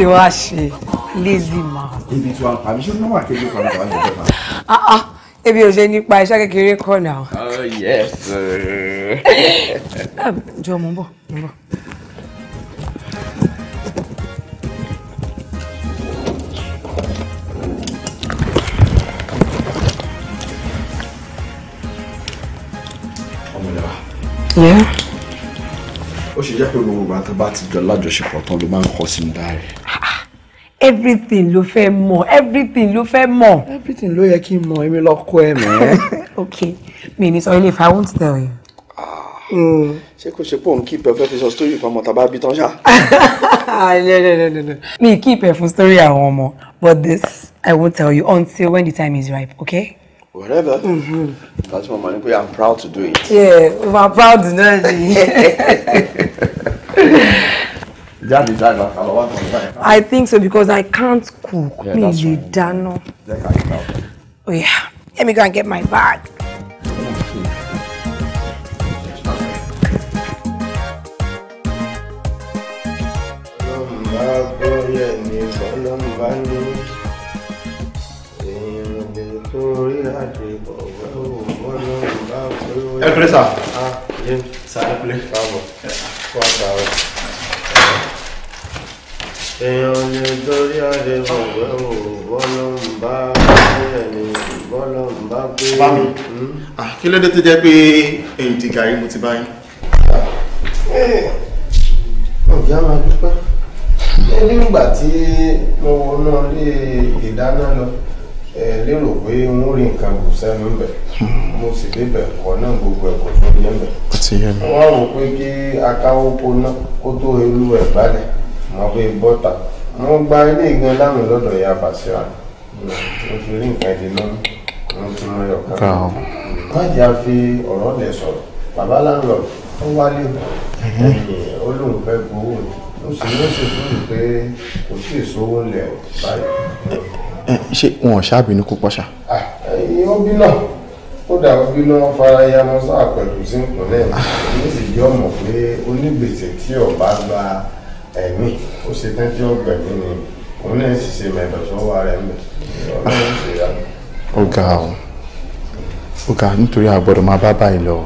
lè wá ṣe lazy man. ibi tí wàá pa mi ṣé ní wàá kéde kan tó wà ní ìjọba. ebi ò ṣe nípa iṣẹ́ kékeré kọ́ náà. oh yes. Ah, jọ mo ń bọ̀ mo ń bọ̀. ó ṣe jẹ́ pé gbogbo ìgbà tó bá ti jọ lájọṣepọ̀ tán ló máa ń kọ sínú dáre everything ló fẹ́ mọ̀ everything ló fẹ́ mọ̀. everything ló yẹ kí n mọ̀ èmi lọ kọ́ ẹ mẹ́. okay mi ní sọ ilé if i won't tell you. Hmm. ṣé kò ṣe pé òun kíìpẹ̀ fẹ́ fi sọ story fún ọmọ tàbá bí tán ṣá. mi kíìpẹ̀ fún story àwọn ọmọ but this i won't tell you until when the time is ripe okay. whatever mm-hmm. that's my money i'm proud to do it. yeah we are proud to know. it. jáde jáde àlọ́ wà tán báyìí. I think so because I can't cook mi lè dáná. Oh yeah, let me go and get my bag. Agbọ́yẹ̀ ni Bọ́lọ́mbà ní èèyàn lè tó rí àjẹ ọ̀wẹ́ òun Bọ́lọ́mbà pé ó yẹ. Ẹ pẹ́lẹ́ sà. Ẹ pẹ́lẹ́ sà. Ah, Ẹ pẹ́lẹ́ sà. Kọ́ àgbà rẹ̀. èèyàn lè torí adé mọ̀ pé o bọ́lọ́ bá bẹ́ẹ̀ ni bọ́lọ́ bá hmm? kí ló dé tó jẹ́ pé ẹ̀yìn ti gàrí mo ti bá yín. Eh, ọ̀gá máa dúpẹ́ nígbà tí mo wọnú ìdáná lọ lérò pé n ó rí nǹkan kù sẹ́nu mo sì débẹ̀ kọ́ náà gbogbo ẹ̀kọ́ tó yẹ wọ́n rò pé kí akáwó kó ná kó tó elú mo bẹ bọ́tà mo gba ilé ìgbẹ́ láwọn lọ́dọ̀ ìyá Basira mo fi rí nǹkan ẹ̀dín lọ́nà mo ti mọ ẹ̀yọ̀kan má jẹ́ àfi ọ̀rọ̀ lẹ̀ sọ̀rọ̀ bàbá láńlọ́ọ̀ ó wálé ó lóun fẹ́ gbowó ó sì ló sì fún pé kò sí ìṣòwò lẹ̀ ọ́ báyìí. ṣé wọn ò ṣáàbínú kó pọ́ṣà. ó bí náà kódà bí lọ́wọ́ fara ya mọ́sá pẹ̀lú sí ìpínlẹ̀ mi sì jẹ́ ọmọ pé onígbèsè tí ọba gba ẹ̀mí ó ṣe tán tí ó gbẹ̀mí ni òun náà sì ṣe mẹ́tọ̀ sọ́wọ́ rẹ̀ mẹ́ ọlọ́run ṣe yá. ó ga ọ ó ga nítorí àgbọ̀dọ̀ máa bá báyìí lọ.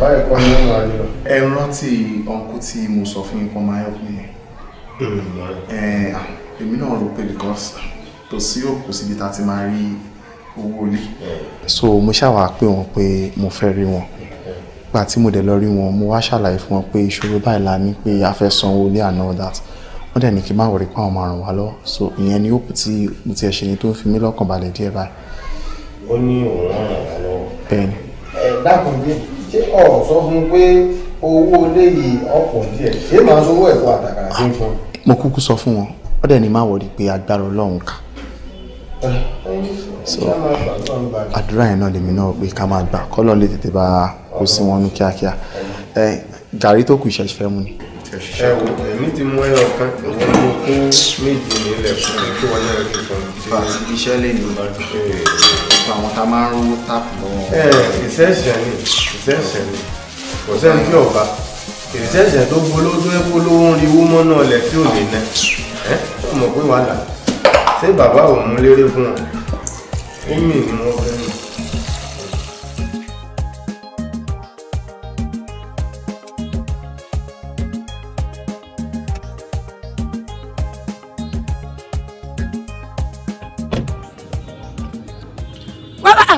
báyìí kọ́ ni wọ́n máa ń lọ. ẹ rántí ọkùn tí mo sọ fún yín kó máa yọ fún yẹn. èmi náà rò pé because tó sí òkú síbi tá a ti máa rí owó ilé. so mo ṣàwà pé wọn pé mo fẹ́ rí wọn gba tí mo dẹ̀ lọ rí wọn mo wá ṣàlàyé fún wọn pé ìṣòro báyìí la ní pé a fẹ́ sanwó lé àná that wọ́n dẹ̀ ní kí n má wọrí pé àwọn máa ràn wá lọ so ìyẹn ni ó kù tí mo ti ẹ̀ ṣe ni tó ń fi mí lọ́kàn balẹ̀ díẹ̀ báyìí. ó ní òun ràn wá lọ. bẹ́ẹ̀ni. ẹ dákun bí ṣé ọ sọ fún pé owó lé yìí ọ̀pọ̀ díẹ̀ ṣé màá sanwó ẹ̀kọ́ àtàkàrà sí fún. mo kúkú sọ fún wọn wọ́n dẹ̀ ní má wọrí pé agbára Ọlọ́run kà so àdúrà yẹn náà lèmi náà pé ká máa gbà kọ́lọ́ lè tètè bá a kó sí wọn ní kíákíá ẹ gàrí tó kù ìṣẹ̀ṣẹ̀ fẹ́ mu ni. ẹ wò èmi ti mú ẹyọ kan ìwọ ló kó méjì nílẹ̀ fún mi kí wọ́n náà rí fún mi. ìfà àti iṣẹ́ lè ní àwọn tá a máa ń rówó táàpù lọ́wọ́. ẹ ìṣẹ̀ṣẹ̀ ni ìṣẹ̀ṣẹ̀ ni kò sẹ́ni tí ò bá ìṣẹ̀ṣẹ̀ tó polówó ẹ polówó ń riwó mọ́ náà lẹ̀ tí ò lè nẹ ẹ mọ̀ pé wàhálà ṣé bàbá òun lérè fún ọ ó mì ní wọn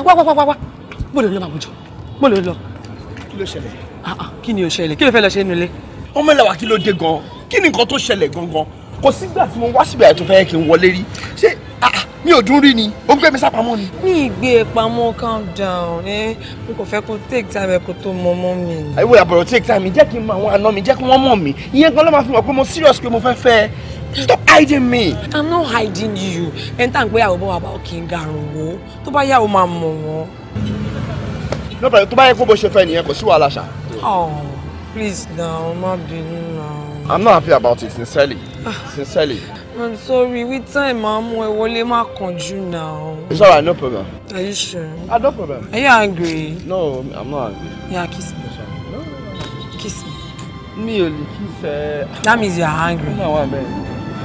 wá wá wá wá mo lè lọ màmú jọ mo lè lọ. kí ló ṣẹlẹ̀. Ah, ah, kí ni o ṣẹlẹ̀ kí ló fẹ́ lọ ṣe nílé. ọmọ ìlàwà kí ló dé gan kí ni nǹkan tó ṣẹlẹ̀ gangan kò sígbà tí mo wá síbi àyè tó fẹ́ kí n wọlé rí ṣé ah, mi ò dún rí ni ó gbé mi sápamọ́ ni. mi ìgbé e pamọ́ calm down ẹ eh? n kò fẹ́ kó take time ẹ kó tó mọ ọmọ mi. àyẹ̀wò àbọ̀rọ̀ take time jẹ́ kí n mọ àwọn àna mi jẹ́ kí wọ́n mọ̀ mí ìyẹn gan ló máa fi mọ̀ pé mo serious pé mo fẹ́ fẹ́ stop hiding me. i'm not hiding you ẹni tá à ń pé àwọn ọmọ wa bá kì í garun wo tó bá yà ó máa mọ̀ wọ́n. lọ́pàá tó bá yẹ oh please now má bínú now. i'm not happy about it sincerely ah. sincerely. i'm sorry with time máa mú ẹ wọlé má now. it's alright no problem. are you sure. ah no problem. are you angry. no i'm not angry. yeah kiss me. No, no, kiss me. Me only kiss ẹ. that means you're angry. no, I'm no.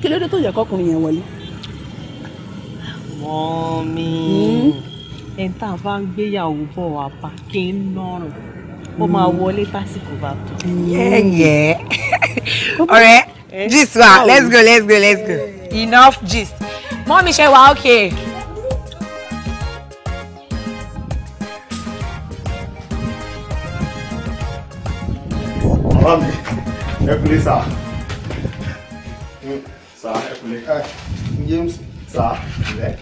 kí ló dé tó yẹ kọkùnrin yẹn wọlé. mọ́mí ẹ̀ ń tà bá ń gbéyàwó bọ̀ wá bá kí n nọrùn ó máa hmm. wọlé tásìkò bá tó. Hmm. yẹ́yẹ́ ọ̀rẹ́ gist wa let's go let's go let's go hmm. enough gist mọ́mí ṣe wà okay. Mami, ẹ kúlé sáà. James sá ẹ̀lẹ́.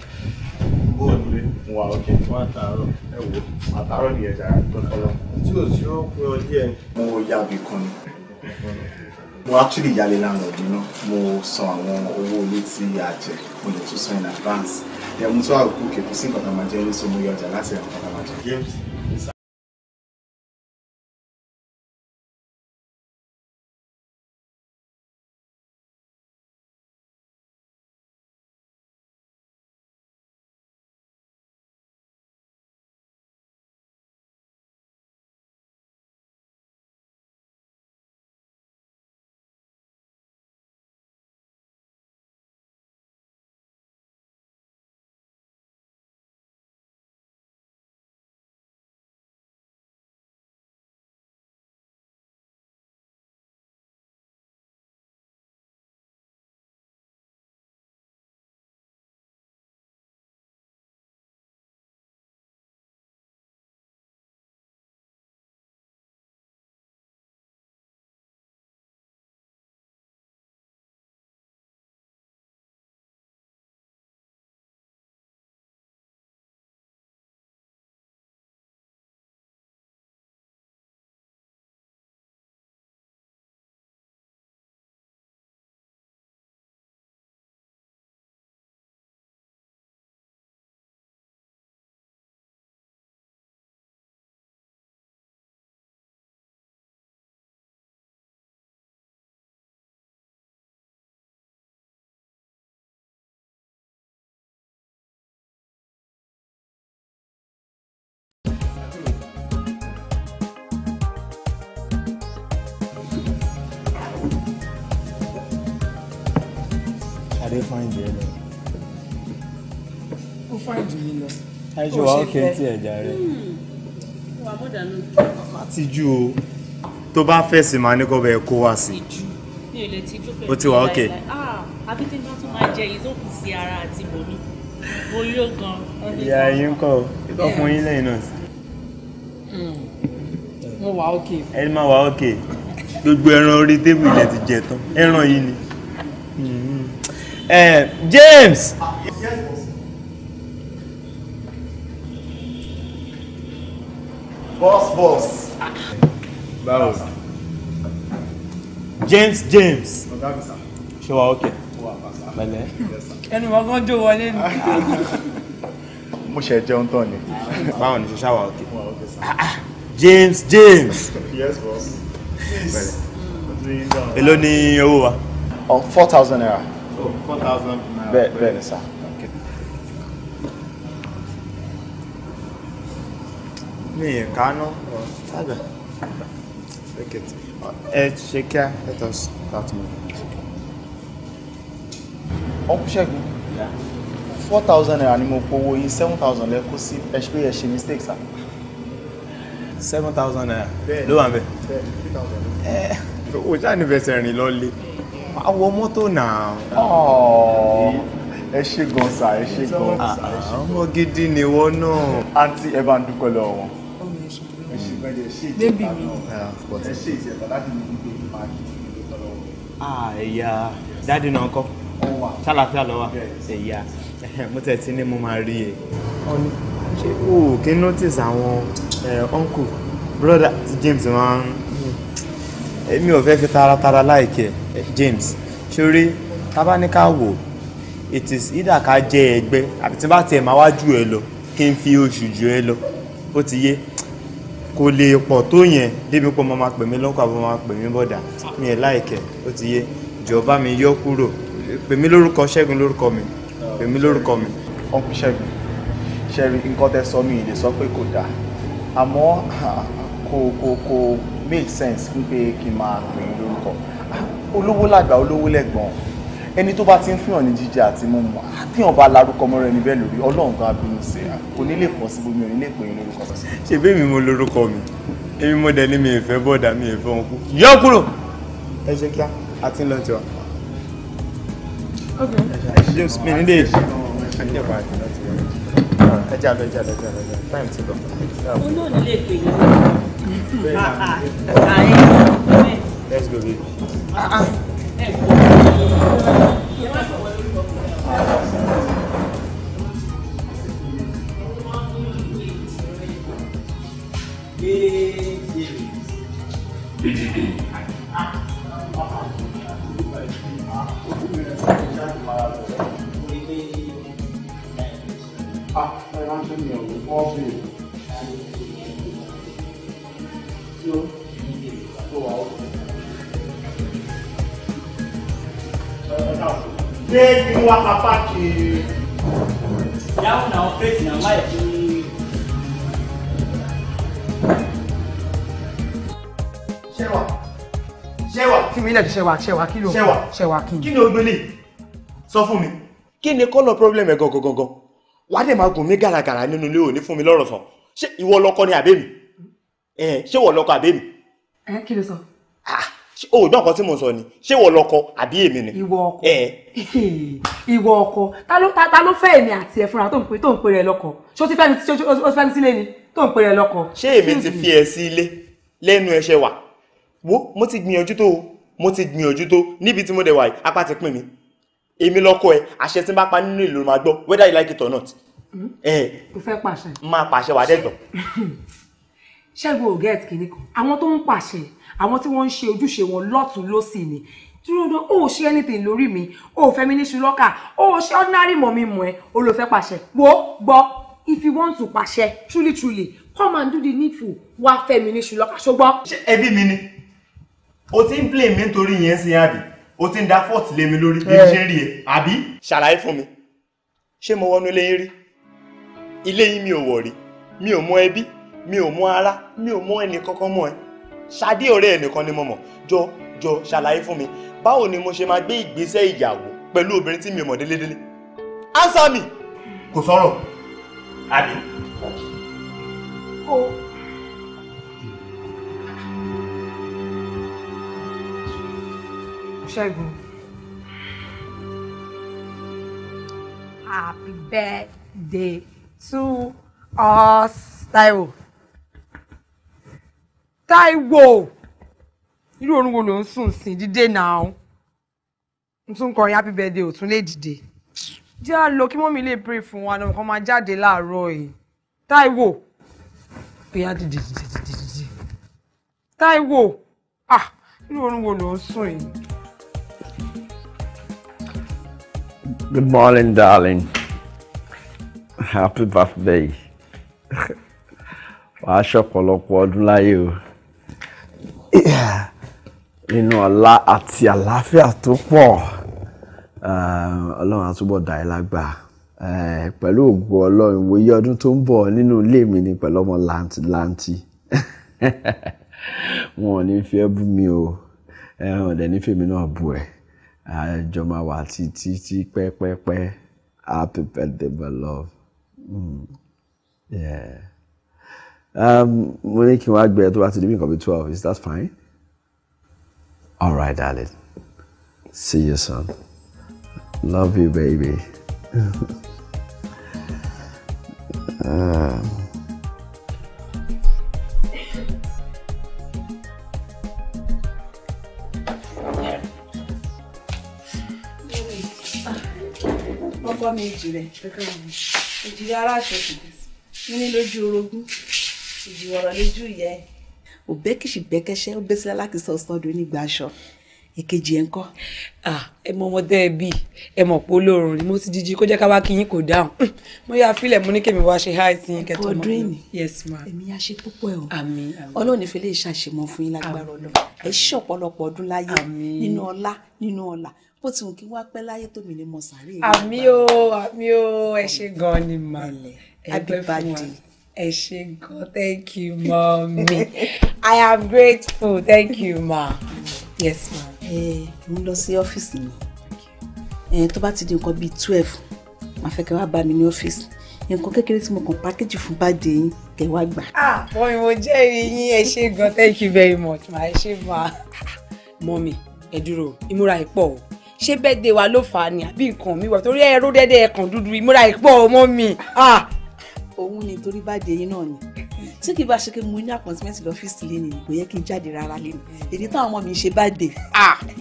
Bó o lè wà òkè. Wọ́n àtàárọ̀. Ẹ wo àtàárọ̀ ni ẹja tó kọ́lọ́. Tí o sì ó pé ọdí ẹ. Mo ya bì kan ni. Mo actually yálé láńlọ́ọ̀dù náà. Mo san àwọn owó ilé tí a jẹ. Mo lè tún san in advance. Ẹ̀ mo tún àgùkù kèkú sí nǹkan tá a máa jẹ́ ní so mo yọ ọjà láti ẹ̀kọ́ tá a máa jẹ. James fáìndì ẹ lọ. ó fáìndì mi lọ. àìjọ wa ó kéntì ẹ̀já rẹ. wà á bọ̀dà ló. má ti jù o tó bá fẹ̀sìn máa ní kó bẹ́ẹ̀ kó wá sí. mi ò lè tijú pẹ̀lú ó ti wà ókè. Ah, àbí tí wọ́n tún máa jẹ yìí tó kù sí ara àti bòmí. mo yó gan. ìyá yín kọ ọkùnrin lẹ́yìn náà sí. Hmm. mo wà ókè. ẹ máa wà ókè gbogbo ẹran orí tébù ilẹ̀ ti jẹ tán ẹran yìí ni. Uh, James. Boss, boss. Báwo. James James. Ọ̀gá mi sá. Ṣé wa ókè? Pẹ̀lẹ́. Ẹnu ọgán jó wọlé ni. Mo ṣe jẹun tán ni. Báwo ni ṣe ṣá wa ókè? Ah, ah. James James. Yes boss. Èló ni owó wa? Oh, four thousand naira four thousand naira bẹ́ẹ̀ bẹ́ẹ̀ ni sá. mi ì kaná ṣáàbẹ̀ ẹ ṣe kíá let us start moving. ọkùn ṣẹ́gun four thousand naira ni mo powó yín seven thousand lẹ kó sí ẹ ṣe pé ẹ ṣe mistake sá. seven thousand naira ló wà ń bẹ. ẹ ò jáde bẹsẹ̀ rìn lọ lé máa wọ mọ́tò náà. ẹ ṣe gan sa ẹ ṣe gan sa. Ah, ọmọ gidi ni wọ́n náà. àǹtí ẹ bá ń dúpẹ́ lọ́wọ́ wọn. ẹ ṣe gan ẹ ṣe ìjẹta náà ah, ẹ ṣe ìjẹta láti ní ibi ìgbé máa kí ìgbé dúpẹ́ lọ́wọ́. Ah, ẹ̀yà dáàdì náà kọ́ ṣàlàfíà lọ́wọ́ ẹ̀yà mo tẹ̀ tí ni mo máa rí e. ṣé o kì í notice àwọn eh, uncle brother ti James máa ń hmm, èmi ò fẹ́ fi taratara láìkẹ́. Like James ṣoré tábánikà wò it is either ká jẹ́ ẹgbẹ́ àbí tí n bá tiẹ̀ máa wá jù ẹ lọ kí n fi oṣù jù ẹ lọ ó ti yé kò lè pọ̀ tó yẹn débi pé ọmọ máa pè mí lọ́kọ̀ àbọ̀ máa pè mí bọ̀dà mi ẹ̀ láìkẹ́ ó ti yé jọba mi yọ kúrò pè mí lórúkọ Ṣẹ́gun lórúkọ mi pè mí lórúkọ mi. ọkùn Ṣẹ́gun ṣẹ́rí nǹkan tẹ́ sọ mi ìdè sọ pé kò dáa àmọ́ kò kò kò make sense fún pé kí n máa pè mí lórúkọ olówó làgbà olówó lẹ́gbọ̀n ẹni tó bá ti ń fihàn ní jíjẹ àti mímu àfihàn bá larúkọ mọ́ra ẹni bẹ́ẹ̀ lórí ọlọ́run gan abínú sí i kò ní lè pọ̀ sí gbogbo mi ò ní lè pè é lórúkọ sí. ṣebí èmi mo lórúkọ mi èmi mo dẹ̀ ní mi ìfẹ́ bọ́ọ̀dà mi ìfẹ́ wọn kú. yọ kúrò. ẹ ṣe kíá àti ń lọ tiwa. ok james mi nílé èyí. ẹ jà lọ ẹ jà lọ jà lọ time ti lọ. mo náà pè é. Let's go, baby. Uh-uh. Ah, I want to All three. pé kí wọ́n apá kiri. yàwó náà fèsì náà má yẹ kí. ṣẹwà ṣẹwà. kí mi lẹ́jọ́ ṣẹwà ṣẹwà kí ló ṣẹwà ṣẹwà kí ni. kí ni o gbélé sọ fún mi. kí ni kọ́lọ̀ problem ẹ̀ gangan gangan wà á dẹ̀ máa gùn mi lọ́rọ̀ sàn ṣé ìwọ lọkọ ni àbẹ́mi ṣé ìwọ lọkọ àbẹ́mi. ẹ kí ló sọ o dán nǹkan tí mo sọ ni ṣé wọ lọkọ àbí èmi ni. ìwọ ọkọ ìwọ ọkọ ta ló ta ló fẹ́ èmi àti ẹ fúnra tó ń pè tó ń pè rẹ lọkọ ṣó ti fẹ́ mi sílé ni tó ń pè rẹ lọkọ. ṣé èmi ti fi ẹ sí ilé lẹ́nu ẹṣẹ wà wo mo ti gbìyànjú tó mo ti gbìyànjú tó níbi tí mo dẹ̀ wà yìí apá ti pín mi èmi lọkọ ẹ àṣẹ tí n bá pa nínú ìlú máa gbọ́ whether you like it or not. kò hmm? fẹ́ pàṣẹ. máa pàṣẹ wà dẹ́gbọ̀n. ṣẹ́gun ò get kìíní kan àwọn tó ń pàṣẹ àwọn tí wọ́n ń ṣe ojúṣe wọn lọ́tún lọ́sì ni dúró ó ṣe anything lórí mi ó fẹ́ mi ní ṣùlọ́kà ó ṣe ordinary mọ̀ mi mọ̀ ẹ́ ó lọ fẹ́ pàṣẹ wo gbọ́ if you want to pàṣẹ truly truly come and do the needful wá fẹ́ mi ní ṣùlọ́kà ṣùgbọ́. ṣé ẹbí mi ni o ti ń blame mi nítorí yẹn sí àbí o ti ń da fault lé mi lórí bí ṣe ń rí ẹ àbí. ṣàlàyé fún mi ṣé mo wọnú ilé yín rí ilé yín mi ò wọ̀ rí mi ò mọ ẹbí mi ò mọ ara mi ò mọ ẹnì kankan mọ ẹ ṣadé ọ̀rẹ́ ẹnìkan ni mo mọ̀ jọ jọ ṣàlàyé fún mi báwo ni mo ṣe máa gbé ìgbésẹ̀ ìyàwó pẹ̀lú obìnrin tí mi ò mọ̀ délédélé ánsá mi. kò sọ̀rọ̀ àbí. o. ṣẹ́gun. happy birthday to us. Taiwo. Taiwo, irú orun wo ló ń sùn sí dídé náà n tún kọrin happy birthday ò tún lè dìde jẹ́ à lọ kí mọ́mí lè pray fún wa lọ́mọ kan máa jáde láàárọ̀ yìí Táíwò bóyá dìde dìde dìde dìde Táíwò ah irú orun wo ló ń sùn yìí. Good morning, darling. Happy birthday. Wàá ṣọ̀pọ̀lọpọ̀ ọdún láyé o nínú ọlá àti àlàáfíà tó pọ̀ eh, ọlọ́run àtúbọ̀ dà ẹ́ lágbà eh, pẹ̀lú ògo ọlọ́run ìwòye ọdún tó ń bọ̀ nínú ilé mi ni pẹ̀lú ọmọ làǹtìlanti wọn ò ní fi ẹ́ bú mi o eh, wọn ò dẹ̀ ní fèmi náà bú ẹ̀ àjọ máa wà títí tí pẹ́pẹ́pẹ́ happy birthday my love. Mm. Yeah. Um, mo ní kí n wá gbẹ tó bá ti di bí nǹkan bí twelve is that fine? all right darling see you soon love you baby. um, ọkọ mi ìjìnlẹ̀ ìjìnlẹ̀ aláṣẹ kìí ní lójú orogún ìjìwọ̀rọ̀ lójú yẹ. òbẹ́kìsì gbẹ́kẹ́sẹ́ ó bẹ́ sílẹ̀ láti sọ sọ́dọ̀ nígbà aṣọ èkejì ẹ̀ ń kọ́. ẹ mọ ọmọdé ẹbí ẹ mọ̀ pé olóòrùn ni mo ti jíjí kó jẹ́ ká wá kí yín kò dáhùn mo yà fílẹ̀ mo ní kí èmi wá ṣe háì sí yín kẹtọ́ mọ́ mi. yes ma èmi á ṣe púpọ̀ ẹ̀ o àmín ọlọ́run ní fẹ́lẹ́ ìṣàṣemọ́ fún yín lágbára ọlọ́run ẹ ṣí ọ̀pọ̀lọpọ̀ ọdún láyé nínú ọlá nínú ọlà bó ti wù kí wá pẹ́ láyé tómi ní mọ̀sáré. àmín o àmín o ẹ ṣe gan-an ni màá ẹ ẹ ṣé gan thank you mommy i am grateful thank you ma yes ma. ẹ mo lọ sí ọ́fíìsì mi tó bá ti di nǹkan bíi twelve màá fẹ́ kẹ́ wá bá mi ní ọ́fíìsì nǹkan kékeré tí mo kàn pákéjì fún bàdé yín kẹ́ wá gbà. ah mọ́mi mo jẹ́rìí yín ẹ ṣé gan thank you very much ma ẹ ṣé ma. mọ́mi ẹ dúró ìmúra ẹ̀ pọ̀ o ṣé bẹ́ẹ̀ de wa ló fà á ni àbí nǹkan mi wà torí ẹ ró dẹ́dẹ́ ẹ̀kan dúdú ìmúra ẹ̀ pọ̀ ọmọ mi òun ni torí bá di eyín náà ni tí kì í bá ṣe pé mo ní appointment lọ́fíìsì lénìí kò yẹ kí n jáde rárá lénìí èdè táwọn ọmọ mi ṣe bá dé.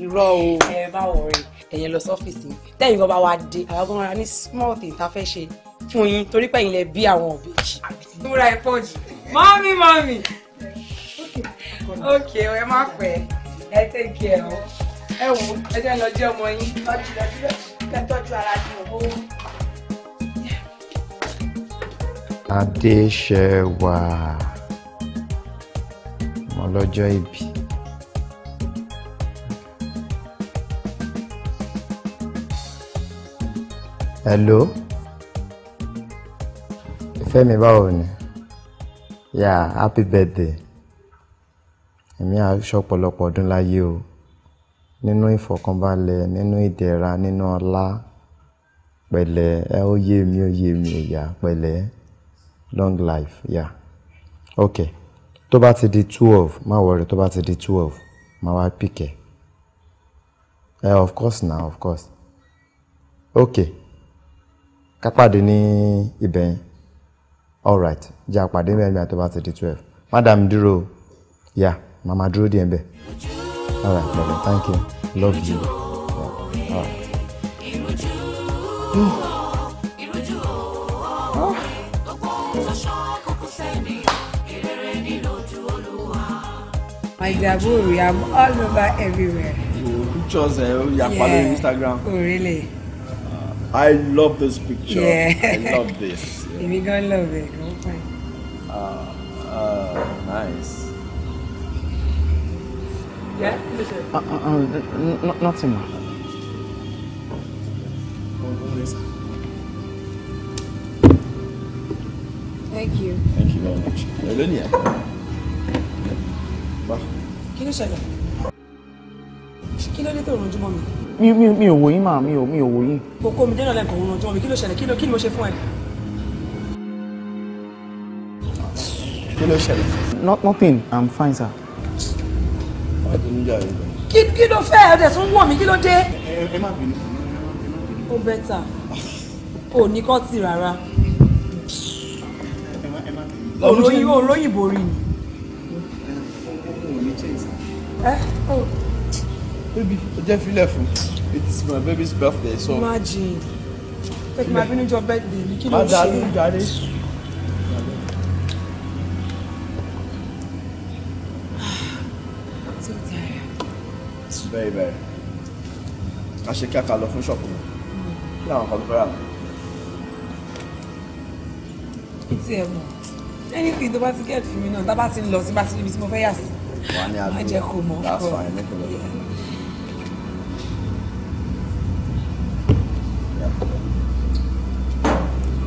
irọ́ o ẹ bá wọ̀ rẹ̀ ẹ̀yẹn lọ sọ́fíìsì tẹ́yìn kan bá wa dé àwọn ọmọ wa ní small thing tá a fẹ́ ṣe fún yín torí pé ẹ̀yin lẹ bí àwọn òbejì. múra ẹ pọ̀ jù mọ́mí mọ́mí ókè ẹ má pẹ́ ẹ tẹ́kì ẹ o ẹ wò ẹ jẹ́ lọ jẹ́ ọmọ yín. tọ́jú lọ sí ẹ tọ́jú adéṣẹwà ọmọlọ́jọ́ ìbí. hello ìfẹ́ báwo ni yà happy birthday èmi á ṣọ̀pọ̀lọpọ̀ ọdún láyé o nínú ìfọ̀kànbalẹ̀ nínú ìdẹ̀ra nínú ọlá pẹ̀lẹ́ ẹ ó yé mi ó yé mi ìyá pẹ̀lẹ́ long life yeah okay tó bá ti di twelve má wọrí tó bá ti di twelve má wá pìkẹ́ ẹ eh, of course na of course okay ká pàdé ní ibẹ̀ yẹn alright jẹ́ àpàdé mẹ́rin àti tó bá ti di twelve madam dúró ya mama dúró díẹ̀ bẹ́ẹ̀ alright bye bye thank you love you yeah. alright. my Gabori, I'm all over everywhere. pictures, uh, eh, you are yeah. following Instagram. Oh, really? Uh, I love this picture. Yeah. I love this. Yeah. We gonna love it. Go find. Uh, uh, nice. Yeah? Uh, uh, uh, n- nothing. Thank you. Thank you very much. Evelyn, ṣẹlẹ̀ kí ló dé tó rojú mọ́ mi. mi mi mi ò wò yín màá mi ò mi ò wò yín. kókó mi dénà lẹ́kọ̀ọ́ òun rojú mi kí ló ṣẹlẹ̀ kí ló kí ni mo ṣe fún ẹ. kí ló ṣẹlẹ̀. nothing i'm fine sir. wàá di níjà rẹ. kí kí ló fẹ́ ẹ̀ tẹ̀sán wọ̀ mí kí ló dé. ẹ má bínú. ó bẹ́tà ò ní kọ́ tì rárá. òròyìn òròyìn borí ni. Eh? Oh. baby o jẹ́ filẹ̀ fún it's my baby's birthday so. imagine pẹ̀lú màá bínú your birthday you kí ló ń ṣe. má dàrú jàre. very very a ṣe kí a kà lọ fún ṣọ́ọ̀pù mi kí làwọn kan tó fẹ́ anything the bá ti get fún mi náà tá bá ti ń lọ sí bá má jẹ́ kó mọ̀ fún ọ.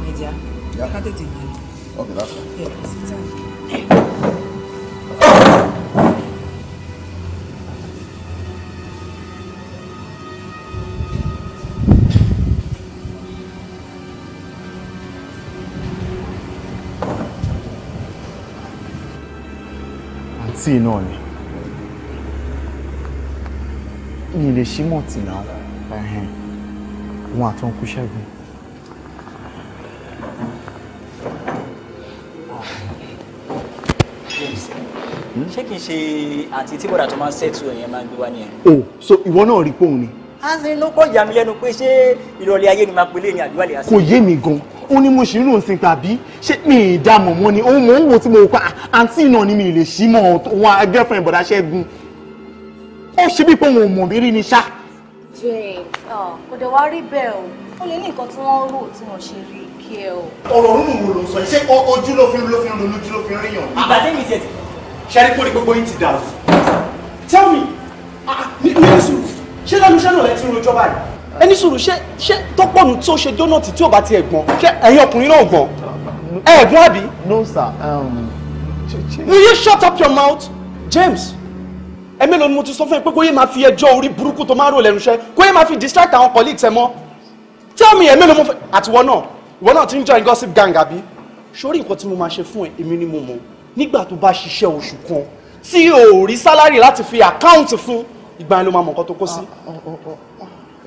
Media, yeah. I can't take it. Okay, that's fine. Yeah, sit down. mọ́tì náà ni mi lè ṣí mọ́tì náà wọn àtọ́ ń kú ṣẹ́gun. ṣé kìí ṣe àti tí bọ́dà tó máa ń ṣètò ẹ̀yẹn máa ń gbé wá nìyẹn. o so ìwọ náà rí póun ni. a ń sin ló kọ́ ìyá mi lẹ́nu pé ṣé ìrọ̀lẹ́ ayé ni máa pelé ní àdúrà lè. kò yé mi gan-an ó ní mo ṣì ń rò ń sin tàbí ṣé mi ì dá mọ̀ mọ́ ni òun mò ń wò tí mo pa ah, àǹtí náà ni mi ì lè ṣí mọ́ wọn girlfriend bọ̀dá ṣẹ́gun ó ṣe bí pé òun ò mọ̀ mí rí ni ṣá. James ah, kò dẹ̀ wá rí bẹ́ẹ̀ o ó lè ní nǹkan tí wọ́n rò tí wọ́n ṣe rí kí ẹ o. ọ̀rọ̀ òun wò ló sọ ṣé ojú ló fi ló fi ronú ojú ló fi rí yàn. ìgbà tẹ́mi tiẹ̀ ti ṣẹ́rí kórè gbogbo yín ti dàrú. tell me ní ah, ní sùn ṣé lọ́nu ṣẹ́ náà lẹ́ ẹni sùúrù ṣé ṣé tọ́pọ̀nù tí ó ṣe dónàtì tí ò bá ti ẹ̀ gbọ́n ṣé ẹ̀yin ọkùnrin náà gbọ́n ẹ̀ gbọ́n àbí. no sir. Um, will you shut up your mouth James ẹ̀mélòó ni mo ti sọ fún ẹ pé kó yé máa fi ẹjọ́ orí burúkú tó máa ń rò lẹ́nu iṣẹ́ kó yé máa fi distract àwọn colleagues ẹ mọ́ tell me ẹ̀mélòó mo fẹ́ àtiwọ́ náà ìwọ náà ti ń join gossip gang àbí sórí nǹkan tí mo máa ṣe fún ẹ èmi ni mo mọ̀ nígbà tó bá ṣiṣẹ́ oṣù kan tí o ò rí sálárì láti fi àkáǹtì fún ìgbà yẹn ló máa mọ̀ nǹkan tó kó sí. Ah, oh, oh, oh,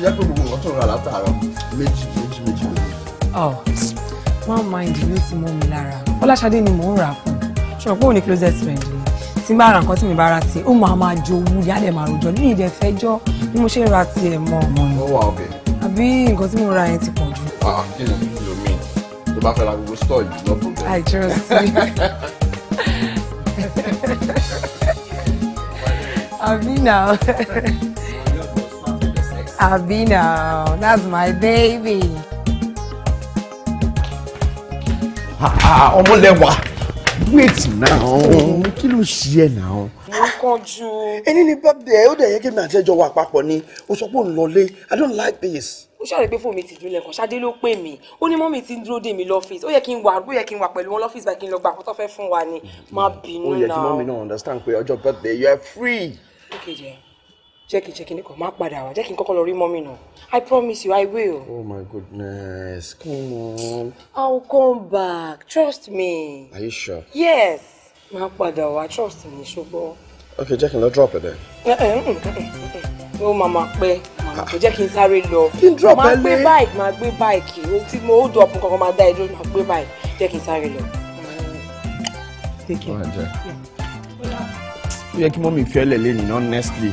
ṣe jẹ́ pé gbogbo nǹkan tó ń ra látàárọ̀ méjì méjì méjì oh, one mind You see mọ́ mi lára ọláṣadé ni mò ń rà fún ṣùgbọ́n pé òun ni closet friend mi tí n bá ra nǹkan tí mi bá ra tiẹ̀ ó máa máa jo owó yálẹ̀ máa rojọ́ ní ìdẹ fẹ́jọ́ bí mo ṣe ra tiẹ̀ mọ́ ọmọ mi. ó wà ọbẹ̀. àbí nǹkan tí mo ra yẹn ti pọ̀ jù. Ah, kí lo mi tó bá fẹ́ ra gbogbo store yìí lọ problem. I trust you. àbí now. Abi that's my baby. Ọmọlẹ́wà, wait now, kí ló ṣe now? Mo kàn jù. Ẹni ní birthday ó dẹ̀ yẹ kí mi àti ẹjọ́ wà papọ̀ ni, o sọ pé ò ń lọlé, I don't like this. Ó ṣàrẹ̀ pé fóònù mi ti dúró lẹ́kọ̀ọ́, Ṣadé ló pè mí, ó ní mọ́mì ti ń dúró dè mí lọ́fíìsì, ó yẹ kí n wà ó yẹ kí n wà pẹ̀lú wọn lọ́fíìsì báyìí kí n lọ gba àkótọ́ fẹ́ fún wa ni, má bínú náà. Ó yẹ kí mọ́mì náà understand pé ọjọ́ birthday you are free. Okay, dear jẹ́ kí n ṣe kíní kan má padà wá jẹ́ kí n kọ́kọ́ lọ rí mọ́mì náà i promise you i will. oh my goodness come on. i'll come back trust me. are you sure. yes má padà wá trust me ṣùgbọ́n. okay jẹ́ kí lọ drop it then. ó máa ma pẹ́ kò jẹ́ kí n sáré lọ. kí n drop ẹ lé. máa gbé bike máa gbé bike o tí mo hold up kankan máa dá ẹ dúró máa gbé bike jẹ́ kí n sáré lọ. ó yẹ kí mọ́mì fi ẹ́ lẹ̀ lé honestly.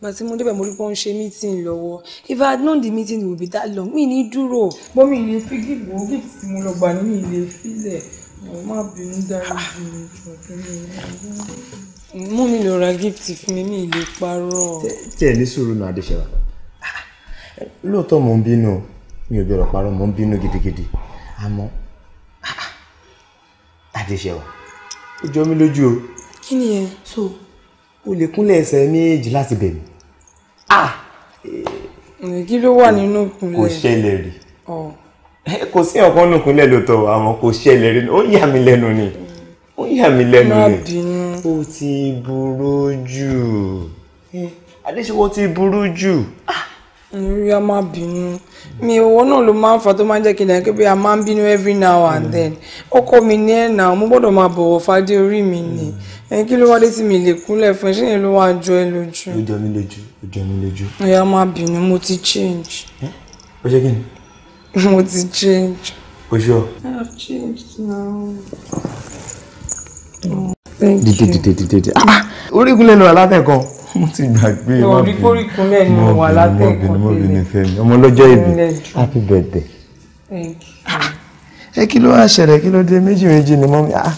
gbà tí mo débẹ̀ mo rí pé ó ṣe meeting lọ́wọ́ if i had known the meeting would be that long mi ní dúró. bọ́ mi ilé fi gígbó gígbó tí mo lọ gbà ní mi ilé filẹ̀ mo má bínú dárí ju ọdún mi lọ. mú mi lọ ra gift fún mi mi ilé parọ́. tí ẹ ní sùúrù náà adéṣẹ́wà lóòótọ́ mò ń bínú mi ò gbọ́dọ̀ parọ́ mò ń bínú gidigidi àmọ́ adéṣẹ́wà ó jọ mí lójú o. kí ni ẹ. so o lè kúnlẹ̀ ẹsẹ̀ méjì láti bẹ̀ mí Ah! kí ló wà nínú ìkúnlẹ̀ kò ṣẹlẹ̀ rí kò sí ọ̀kan nínú ìkúnlẹ̀ lóòótọ́ àmọ́ kò ṣẹlẹ̀ rí ó yà mí lẹ́nu ni ó yà mí lẹ́nu ni ó ti burú jù Adéṣewọ́ ti burú jù. Ah rí a binu. bínú mi owó náà ló máa ń fa tó máa ń jẹ́ kí n a máa ń bínú every now and mm. then ó kọ́ mi ní ẹ̀nà mo gbọ́dọ̀ máa bọ̀wọ̀ fadé orí mi ni mm. ẹni kí ló wá dé tí mi lè kúnlẹ̀ fún ẹ ṣé yẹn ló wá jọ ẹ lójú. ó jọ mí lójú ó jọ mí lójú. ìyá máa bínú mo ti change. ó ṣe kí ni. mo ti change. o ṣe ọ. I have changed now. Oh, thank you. dìde dìde dìde dìde. Ah, orí ìkúnlẹ̀ lọ alátẹ̀kọ́ mo ti gbàgbé ẹ má bínú mo bínú mo bínú fẹmi ọmọ ọlọ́jọ́ ìbí happy birthday. ẹ kí ló wá ṣẹlẹ̀ kí ló dé méjì méjì ni mọ́mí ah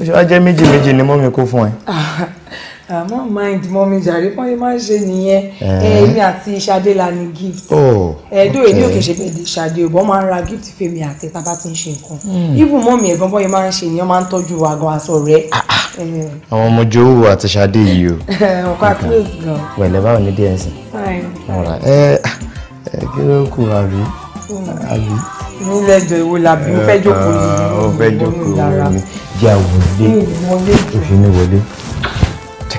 ó ṣe wá jẹ́ méjì méjì ni mọ́mí kó fún ẹ. àmọ́ mind mọ́ mi jàre pọ́n yẹn máa ń ṣe nìyẹn eh. Eh, èmi àti ṣadé la ní gift ẹ̀ẹ́dọ́ oh, eh, èmi ò kì í ṣe bẹ́ẹ̀ di ṣadé ò bọ́ máa ń ra gift fèmí àti tá a bá ti ń ṣe nǹkan hmm. even mọ́ mi ẹ̀gbọ́n bọ́yẹn máa ń ṣe nìyẹn máa ń tọ́jú wa gan aṣọ rẹ̀. Ah, ah. àwọn ọmọ jòwó àti ṣadé yìí o ọkọ àkíyèsí gan. pẹ̀lẹ́ báwo ni díẹ̀ sí. ẹ ẹ kí ló kù àbí hmm. àbí. nílẹ̀ jọ ìwo làbí mo fẹ́ jókòó yìí. mo ah, fẹ́ jókòó yìí jẹ́ àwòrán lé ní wọlé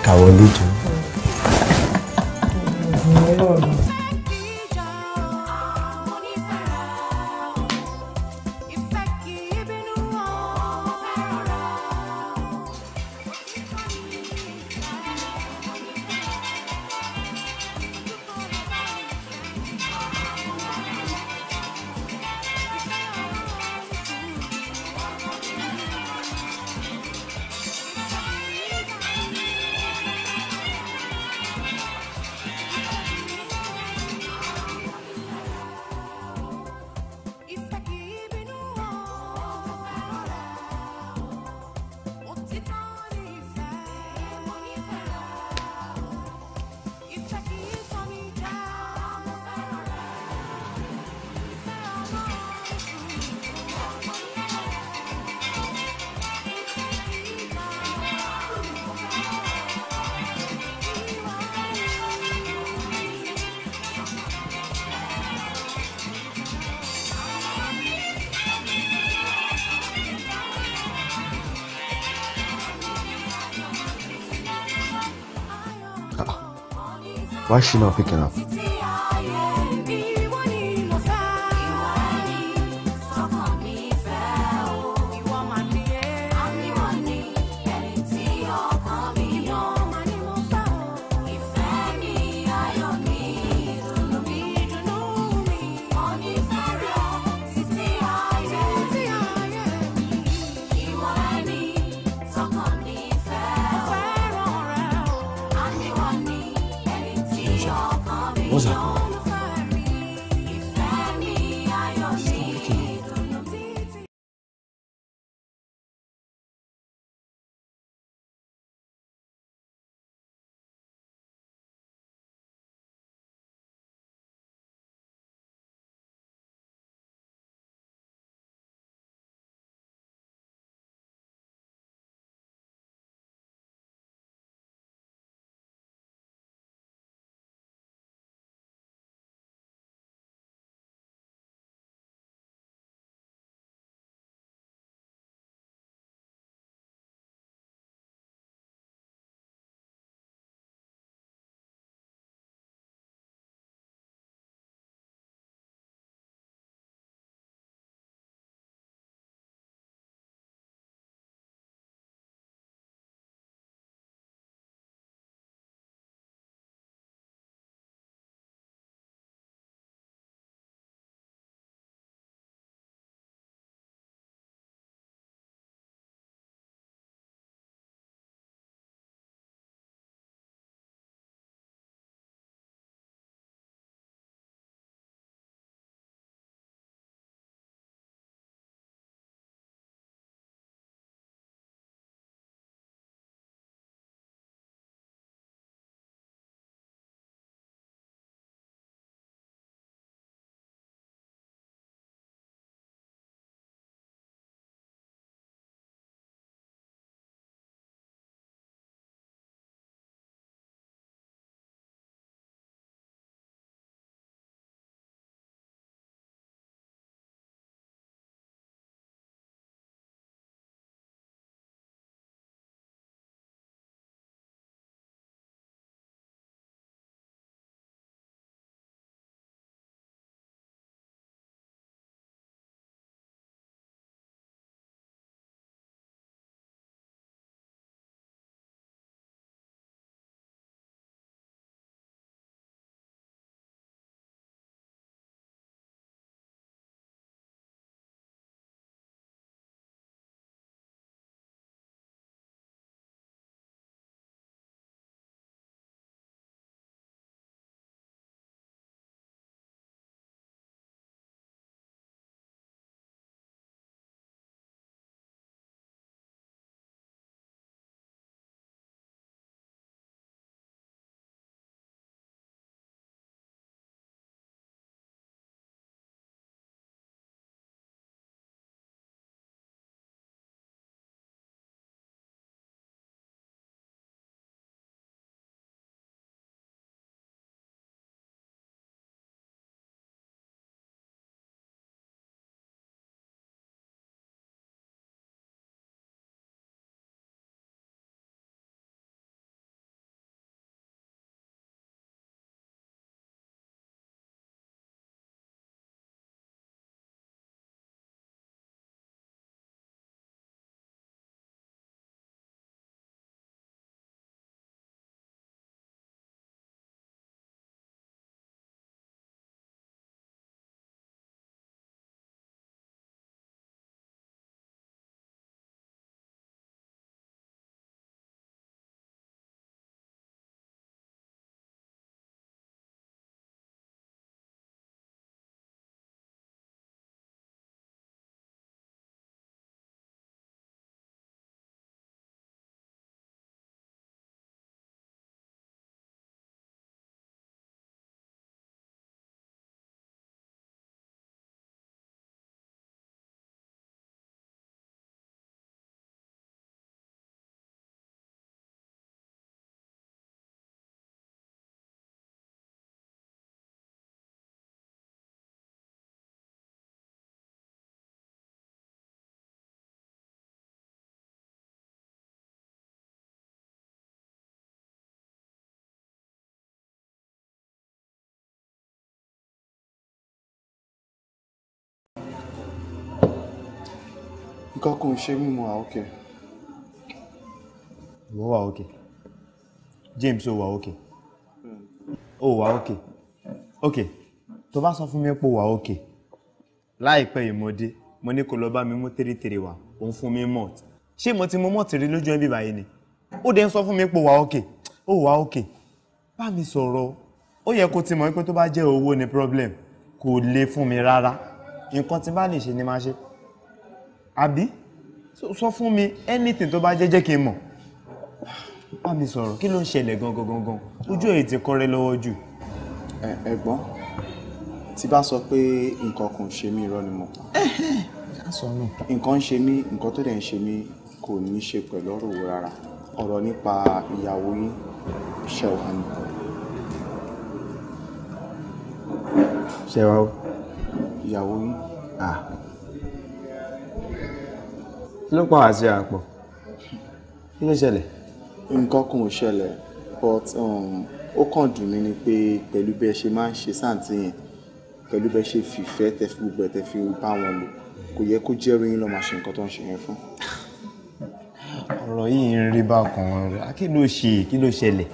kà jù. she not picking up. nǹkan kò ṣe mí mo wà òkè. James ó wà òkè ó wà òkè òkè tó bá sọ fún mi pé ó wà òkè láìpẹ́ ìmọ̀dé mo ní kó lọ bá mi mú tèrètèrè wá òun fún mi mọ̀ ṣé mo ti mú mọ̀ tèrè lójú ẹbí ok ni ó dẹ̀ ń sọ fún mi pé ó wà òkè ó wà òkè bá mi sọ̀rọ̀ ó yẹ kó ti mọ̀ pé tó bá jẹ́ owó àbí sọ fún mi anything tó bá jẹ́ jẹ́ kí n mọ̀ bá mi sọ̀rọ̀ kí ló ń ṣẹlẹ̀ gangan gangan ojú ẹ̀ ti kọ́rẹ́ lọ́wọ́ jù. ẹ̀gbọ́n tí bá sọ pé nǹkan kan ṣe mí irọ́ ni mo pa nǹkan ń ṣe mí nǹkan tó dẹ̀ ń ṣe mí kò ní í ṣe pẹ̀lú ọ̀rọ̀ wo rárá ọ̀rọ̀ nípa ìyàwó yín ṣẹ̀wá ni. ṣẹ̀wá o. ìyàwó yín ló pa àti àpọ̀ kí ló ṣẹlẹ̀. nǹkan kan ò ṣẹlẹ̀ but um, ó kàn dùn mí ni pé pẹ̀lú bẹ́ẹ̀ ṣe máa ń ṣe sáǹtì yẹn pẹ̀lú bẹ́ẹ̀ ṣe fìfẹ́ tẹ fi gbogbo ẹ̀ tẹ fi bá wọn lò kò yẹ kó jẹ́rìí yín lọ́ọ́ máa ṣe nǹkan tó ń ṣe yẹn fún. ọ̀rọ̀ yìí ń rí bákan kí ló ṣe kí ló ṣẹlẹ̀.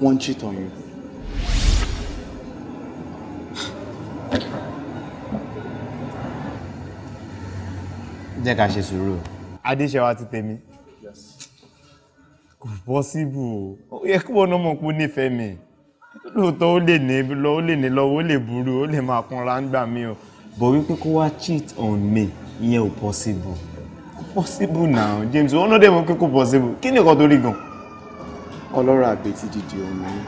wọ́n ń cheat on you. jẹ́ ká ṣe sùúrù. adéṣẹ́wá ti tèmi kò pọ́síbù ó yẹ kí wọn náà mọ̀ pé ó nífẹ̀ẹ́ mi lóòótọ́ ó lè ní lọ ó lè ní lọ́wọ́ ó lè burú ó lè máa kanra ń gbà mí o bọ̀ wípé kó wá cheat on me ìyẹn ò pọ́síbù possible now James wọn náà dẹ̀ mọ̀ pé kò possible kí ni nǹkan tó rí gan. ọlọ́rọ̀ àgbẹ̀ ti dìde ọ̀nà yìí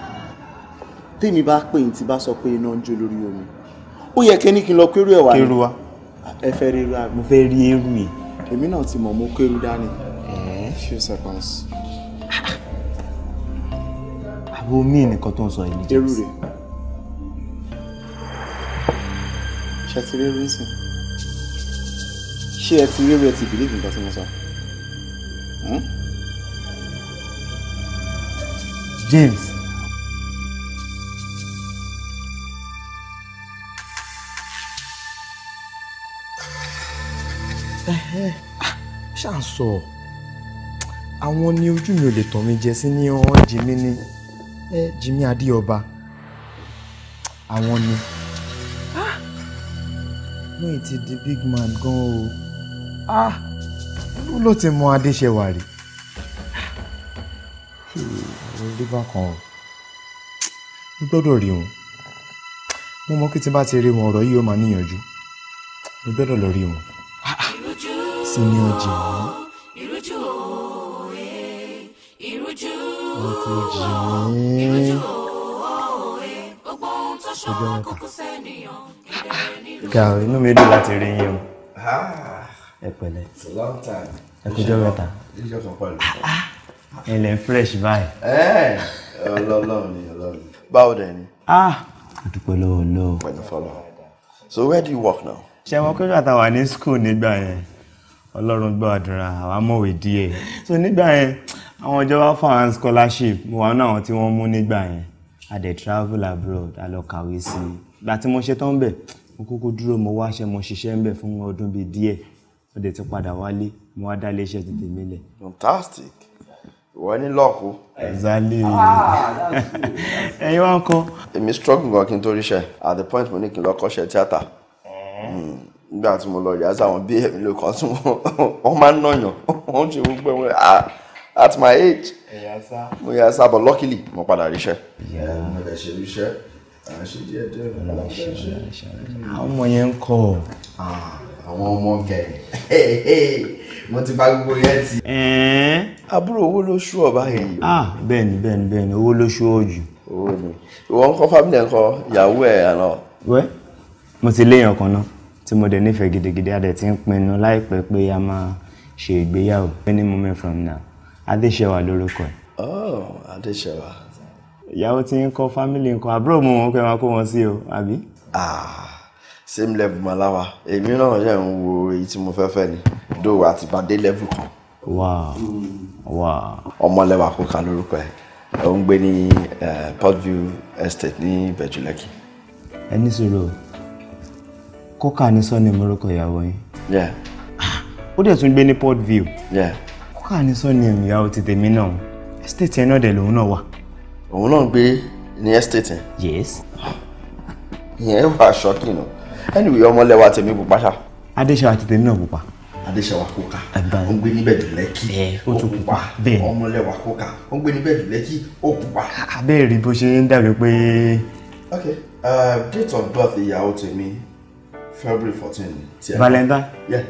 tèmi bá pè ní ti bá sọ pé iná ń jó lórí omi ó yẹ kẹ́ni kí n lọ kérú ẹ̀ wá. kérú wa ẹ fẹ́ rí irú àgbọn fẹ́ rí eru yìí èmi náà ti mọ̀ mo kéru dání few seconds. Ah, àbò mí nìkan tó ń sọ ìlú jẹ́ eru rẹ̀ ṣe ti rí eru sìn ṣé ẹ ti rí eru ẹ ti bìlíìfù nǹkan tí mo sọ. Hmm? James. Ah, ṣáà ń sọ àwọn ni ojú mi ò lè tàn mí jẹ sí ní ọ̀hún jimmy ní jimmy adéọba àwọn ni lóyìn ah! ti di big man gan o ah ó ló ti mọ adéṣẹwà rí ọ̀rọ̀ orí bákan o n gbọ́dọ̀ rí wọn mo mọ̀ pé tí n bá ti rí wọn ọ̀rọ̀ yìí ó máa níyànjú mo gbọ́dọ̀ lọ rí wọn sinmi ọjọ́ ìrújú òwe ìrújú ìrújú òwe gbogbo ohun tó ṣọwọ́ kúkú sẹ́niyàn ìrẹ̀lẹ̀ nílùú. ga inú mi dùn láti rí yín o ah, ẹ pẹ̀lẹ́ ẹ kújọ mẹ́ta ah, ah. ẹ lẹ fresh báyìí. Eh, Ọlọ́run ni Ọlọ́run báwo dẹ ni. ah àdúpẹ́ lọ́wọ́ lọ́wọ́. so where do you work now. ṣé wọn kí ló àtàwà ní school nígbà yẹn ọlọ́run gbọ́ àdúrà àwa mọ̀wé díẹ̀ so nígbà yẹn àwọn ìjọba fún àwọn scholarship mo wà náà tí wọ́n mú nígbà yẹn I dẹ̀ travel abroad a lọ kàwé sí i gbà tí mo ṣe tán bẹ̀ mo kúkú dúró mo wáṣẹ́ mo ṣiṣẹ́ ń bẹ̀ fún ọdún bíi díẹ̀ ó dẹ̀ ti padà wálé mo wá dá iléeṣẹ́ tètè mi lẹ̀. fantastic ìwọ ní lọ́ọ̀kù. ẹ̀zálì ah, ẹ̀yin wá ń kọ́. èmi struggle gan kí n tó ríṣẹ́ at the point mo ní kí n lọ kọ́ṣẹ́ tíátà nígbà tí mo lọ yà sáwọn bí ẹ̀mí ló kàn tí wọ́n máa ń nàyàn wọ́n ṣe gbogbo ẹ̀ wọ́n à ah, at my age mo yà sá but luckily mo padà ríṣẹ́. mo lè ṣe ríṣẹ́ à ń ṣe díẹ̀ díẹ̀ mo lè ṣe ríṣẹ́. àwọn ọmọ yẹn ń kọ. àwọn ọmọ kẹrin mo ti bá gbogbo yẹn ti. àbúrò owó ló ṣú ọba yẹn. bẹ́ẹ̀ni bẹ́ẹ̀ni bẹ́ẹ̀ni owó ló ṣú ọ jù. owó ni ìwọ ń kọ fámìlì ẹ ń kọ ìyàwó ẹ àná. wẹ́ mo ti léèyàn kan náà tí mo dẹ̀ nífẹ̀ẹ́ gidigidi a dẹ̀ ti ń pinnu láìpẹ́ pé a máa ṣe ìgbéyàwó any moment from now adéṣẹwà lórúkọ ẹ̀. oh adéṣẹwà. ìyàwó ti ń kọ́ fámìlì nǹkan àbúrò mu wọn pé máa kó wọn sí o àbí. ah same level malawa èmi náà yẹ ń wo èyí tí mo fẹ́ fẹ́ ni dóò àti bàdé level kan. wow wow. ọmọlẹ́wà kò kan lórúkọ ẹ̀ ó ń gbé ní eh, portview estate ní ìbẹ̀jú lẹ́kì. ẹni sọ̀rọ̀ o kókà ní sọ́ni morocco ìyàwó yín. Ah, ó dẹ̀ tún gbé ní port view. kókà ní sọ́ni ìyàwó ti tèmi náà estate yẹn náà dẹ̀ lòun náà wà. òun náà gbé ní estate yẹn. yes. ìyẹn wà ṣọ́kì nù anyway ọmọlẹ́wà tèmi pupa ṣá. adéṣẹ́wà ti tèmi náà pupa. adéṣẹ́wà kókà ó ń gbé níbẹ̀ dùn lẹ́kì ó pupa ọmọlẹ́wà kókà ó ń gbé níbẹ̀ dùn lẹ́kì ó pupa. abẹ́rẹ́ bó ṣe ń dàbí pé. ok uh, date of birth ìyàwó tèmi February fourteen. Valentine. Yeah.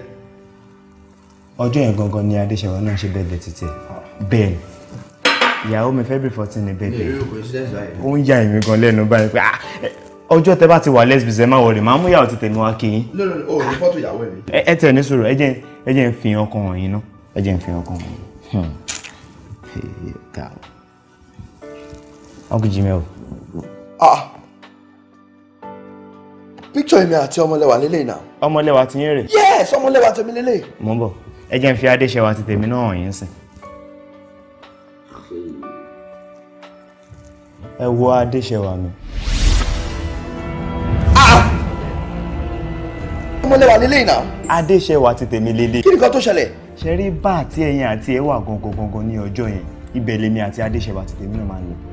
ọjọ́ yẹn gangan ni Adéṣẹ́wà náà ṣe bẹ́ẹ̀ títí bẹ́ẹ̀ ni ìyàwó mi February fourteen ni bẹ́ẹ̀ bẹ́ẹ̀ ó ń ya èmi gan lẹ́nu báyìí pé ah, ọjọ́ tẹ bá ti wà lesbian ẹ má wọlé màá mú ìyàwó ti tèmi wá kí yín. lọ́nà o ní fọ́tò ìyàwó ẹ̀ mi. ẹ tẹ̀ ní sọ̀rọ̀ ẹ jẹ́ ń fi ọkàn hàn yín ná ẹ jẹ́ ń fi ọkàn hàn yín. ọkùnrin jimmy picture èmi àti ọmọlẹ́wà lélẹ̀ náà. ọmọlẹ́wà ti yín rè. yes ọmọlẹ́wà tèmi lélẹ̀. mo ń bọ̀ ẹ jẹ́ n fi adéṣẹ́wà ti tèmi náà hàn yín sìn. ẹ wo adéṣẹ́wà mi. Ah! ọmọlẹ́wà lélẹ̀ náà. adéṣẹ́wà ti tèmi lélẹ̀. kí nìkan tó ṣẹlẹ̀. ṣe rí bá àti ẹ̀yin àti ẹ̀wà gangan gangan ní ọjọ́ yẹn ibẹ̀ lèmi àti adéṣẹ́wà ti tèmi náà máa ń lọ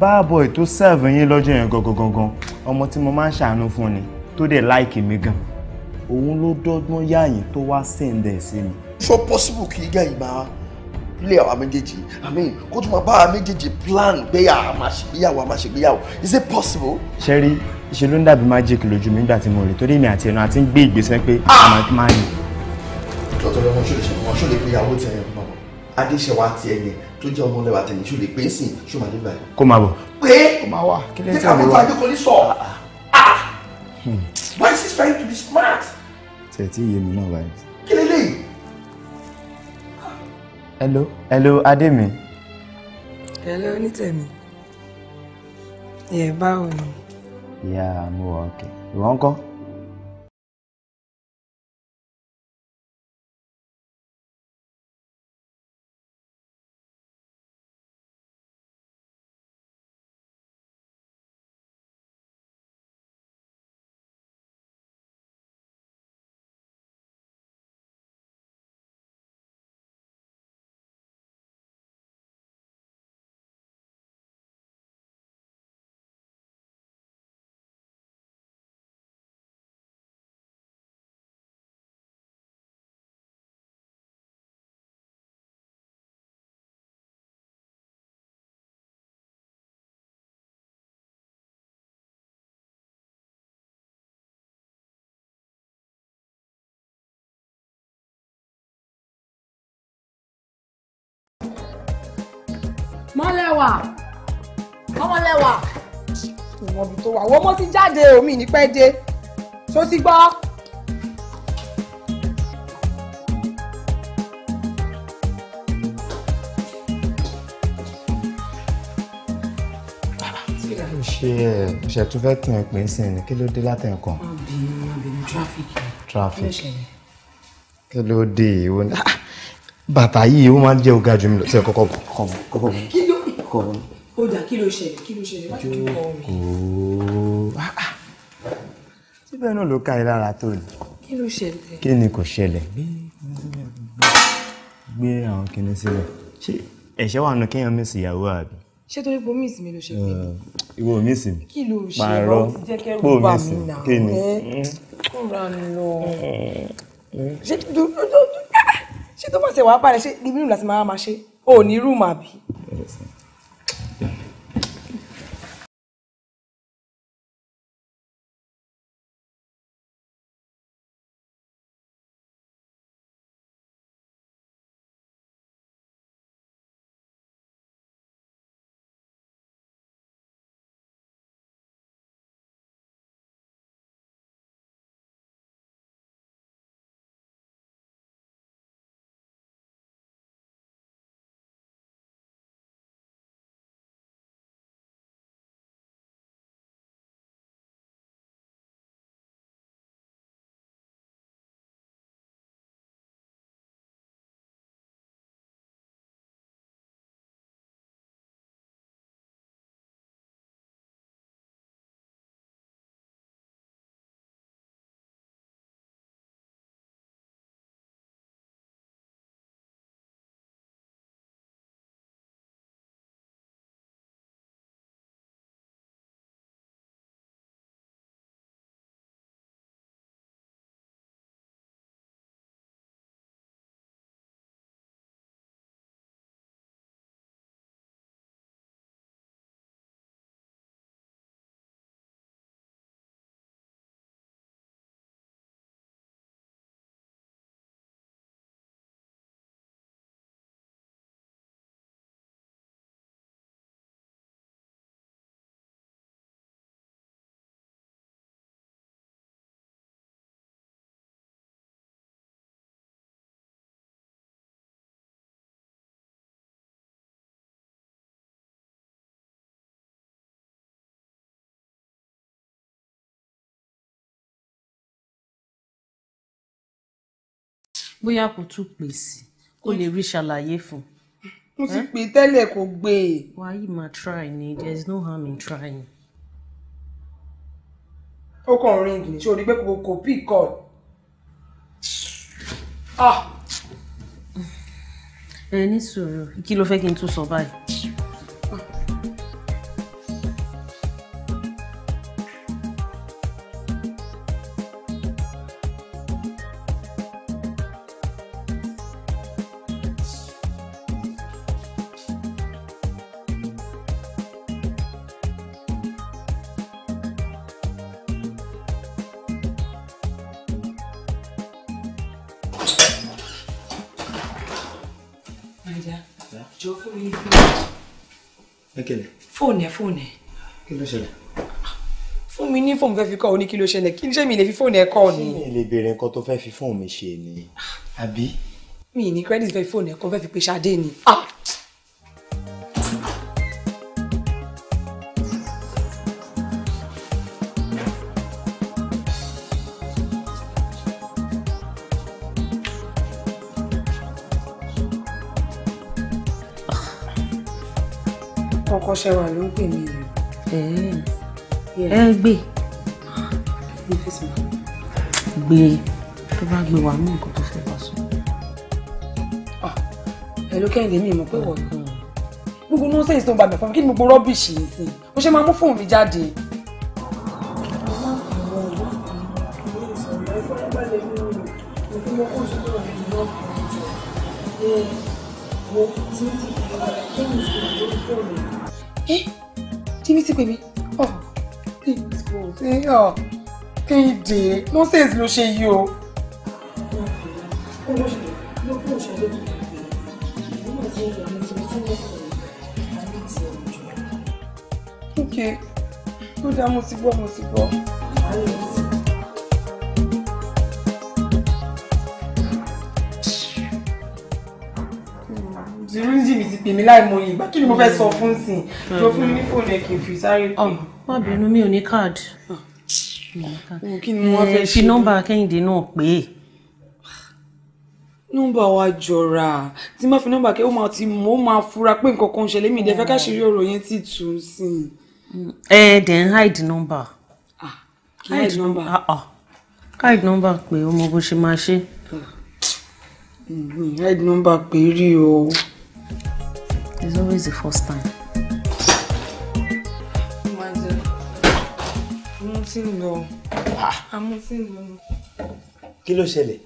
báàbọ̀ ètò sẹ́ẹ̀fù yín lọ́jọ́ yẹn gangan gangan ọmọ tí mo máa ń ṣàánú fún ni tó dẹ̀ láìkì mi gan òun ló dọ́gbọ́n yáàyìn tó wá sẹ́ǹdẹ̀ sí mi. so possible kì í gẹ́ ìgbà ilé àwa méjèèjì i mean kó tún máa bá àwa méjèèjì plan gbéyà àmàṣègbéyàwó àmàṣègbéyàwó is it possible. ṣẹ́rí ṣe ló ń dàbí magic lójú mi nígbà tí mo rí torí mi àti ẹnu àti ń gbé ìgbésẹ̀ pé àmọ́ ah! máa ń. dọ́tọ̀ lọ́mọ ṣó lè adéṣẹwà ti ẹyẹ tó jẹ́ ọmọlẹ́wà tẹ̀lé ṣó lè pé sí ṣó máa dé báyìí. kó máa bọ̀. pé kó máa wà kí lè tẹ̀lé wa kí lè sọ ah why ah. ah. hmm. is he trying to be smart. tẹ̀tí iye mi náà báyìí. kí lè léyìí. hello hello adémi. hello onítẹ̀mí. ìyẹn báwo ni. ìyá mo wà òkè ìwọ ń kọ́. mọ́lẹ́wà ọmọlẹ́wà ìwọ̀n ibi tó wà wọ́n mọ́ ti jáde omi ní pẹ́ dé ṣó ti gbọ́. ṣe ẹ ṣe tún fẹ́ tún ẹ pè é sí ni kí ló dé látẹ̀kàn. wọ́n bínú wọ́n bínú tráfíkì. tráfíkì kí ló dé ìwọ náà. Ah, bàtà yìí ó máa ń jẹ́ ọ̀gá jù mí lọ sí ọkọ̀ kọ̀ọ̀bù kọ̀ọ̀bù kọ̀ọ̀bù. ó dà kí ló ṣẹlẹ̀ kí ló ṣẹlẹ̀ wájú kọ̀ ọ́ síbẹ̀ náà ló ká ẹ lára tó ni. kí ló ṣẹlẹ̀. kí ni kò ṣẹlẹ̀ gbé àwọn kinní sílẹ̀ ṣé ẹ̀ṣẹ̀ wà nù kéèyàn mí sí ìyàwó àbí. ṣé torí pé omi ìsinmi ló ṣe pé mi. Eh, ìwọ omi ìsinmi. kí ló ṣe pààrọ̀ pò omi ìsinmi kí ni. Eh, kúra mi lọ. Eh, ṣé dúró ṣé tó máa ṣe wàá bá rẹ ṣe living room láti máa máa ṣe o ò ní rúùmù àbí. bóyá kò tún pè sí kó lè rí ṣàlàyé fún. mo ti pè tẹ́lẹ̀ kò gbé e. wàá yìí máa try ni there is no harm in trying. ó kàn ring ní ṣé o rí pé kò kò pick call. Ah! ẹ ní sùúrù kí ló fẹ́ kí n tún sọ báyìí. fóònù ẹ. kí ló ṣẹlẹ̀. fún mi ní fóònù fẹ́ fi kọ́ ọ ní kí ló ṣẹlẹ̀ kí ṣé mi lè fi fóònù ẹ kọ́ ọ ni. ṣé mi lè béèrè nǹkan tó fẹ́ fi fóònù mi ṣe ni àbí. mi ní credit fẹ́ fi fóònù ẹ kọ́ fẹ́ fi pe Ṣadé ni. ah kọ́ṣẹ́ wa ló fẹ́ gbé gbé tó bá gbé wa mú nǹkan tó fẹ́ bá sùn. ẹ̀lú ah, kẹ́hìndé mi mọ̀ pé wọ́n gbogbo nọ́ọ̀sẹ̀ ìsọ̀nba mi fún mi kí ni gbogbo rọ́bìṣì yìí sí mo ṣe máa mú fóònù mi jáde. nonsense ló ṣe yìí o. ok ó dá mo ti gbọ́ mo ti gbọ́. zirunji mi ti pè mí láì mọye ìgbà kí ni mo fẹ́ sọ fún sìn jọ fún mi ní fóònù ẹ̀ kì í fi sáré pè. má bínú mi ò ní káàdì kí ni wọ́n fẹ́ eh, ṣe. fi nọ́mbà Kẹ́hìndé náà pè é. nọ́mbà wa jọra tí má fi nọ́mbà kẹ́ ó máa ti mọ́ máa fura pé nǹkan kan ṣẹlẹ̀ mi ìdẹ́fẹ́ káṣírí ọ̀rọ̀ yẹn ti tù ú sí i. ẹ dẹ̀ ń hide number. Ah, hide number. Ah, ah. hide number pé o mọ bó ṣe máa ṣe. Mm, mm, hide number pé rí o. there's always the first time. tí ń lọ. àmú tí ń lọ. kí ló ṣẹlẹ̀?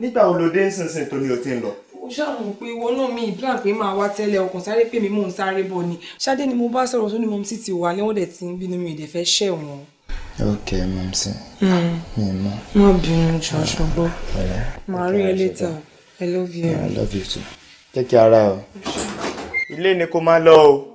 nígbà wo ló dé nísinsìnyí tó ní o ti ń lọ? ó ṣàmù pé ìwọ náà mi ìdílà pé máa wá tẹ́lẹ̀ ọkàn sáré pé mi mò ń sáré bọ̀ ni ṣáde ni mo bá sọ̀rọ̀ tó ní mọ̀mísì ti wà lẹ́wọ̀n dẹ̀ ti ń bínú mi ìdẹ̀ ṣẹ̀ wọ́n. ok mọ̀mísì. Hmm. mi mọ. má bínú jọ ah, ṣùgbọ́n màá rí ẹ létà i love you. Ah, i love you too. jẹ́ kí ara o. ilé ni kó máa lọ o.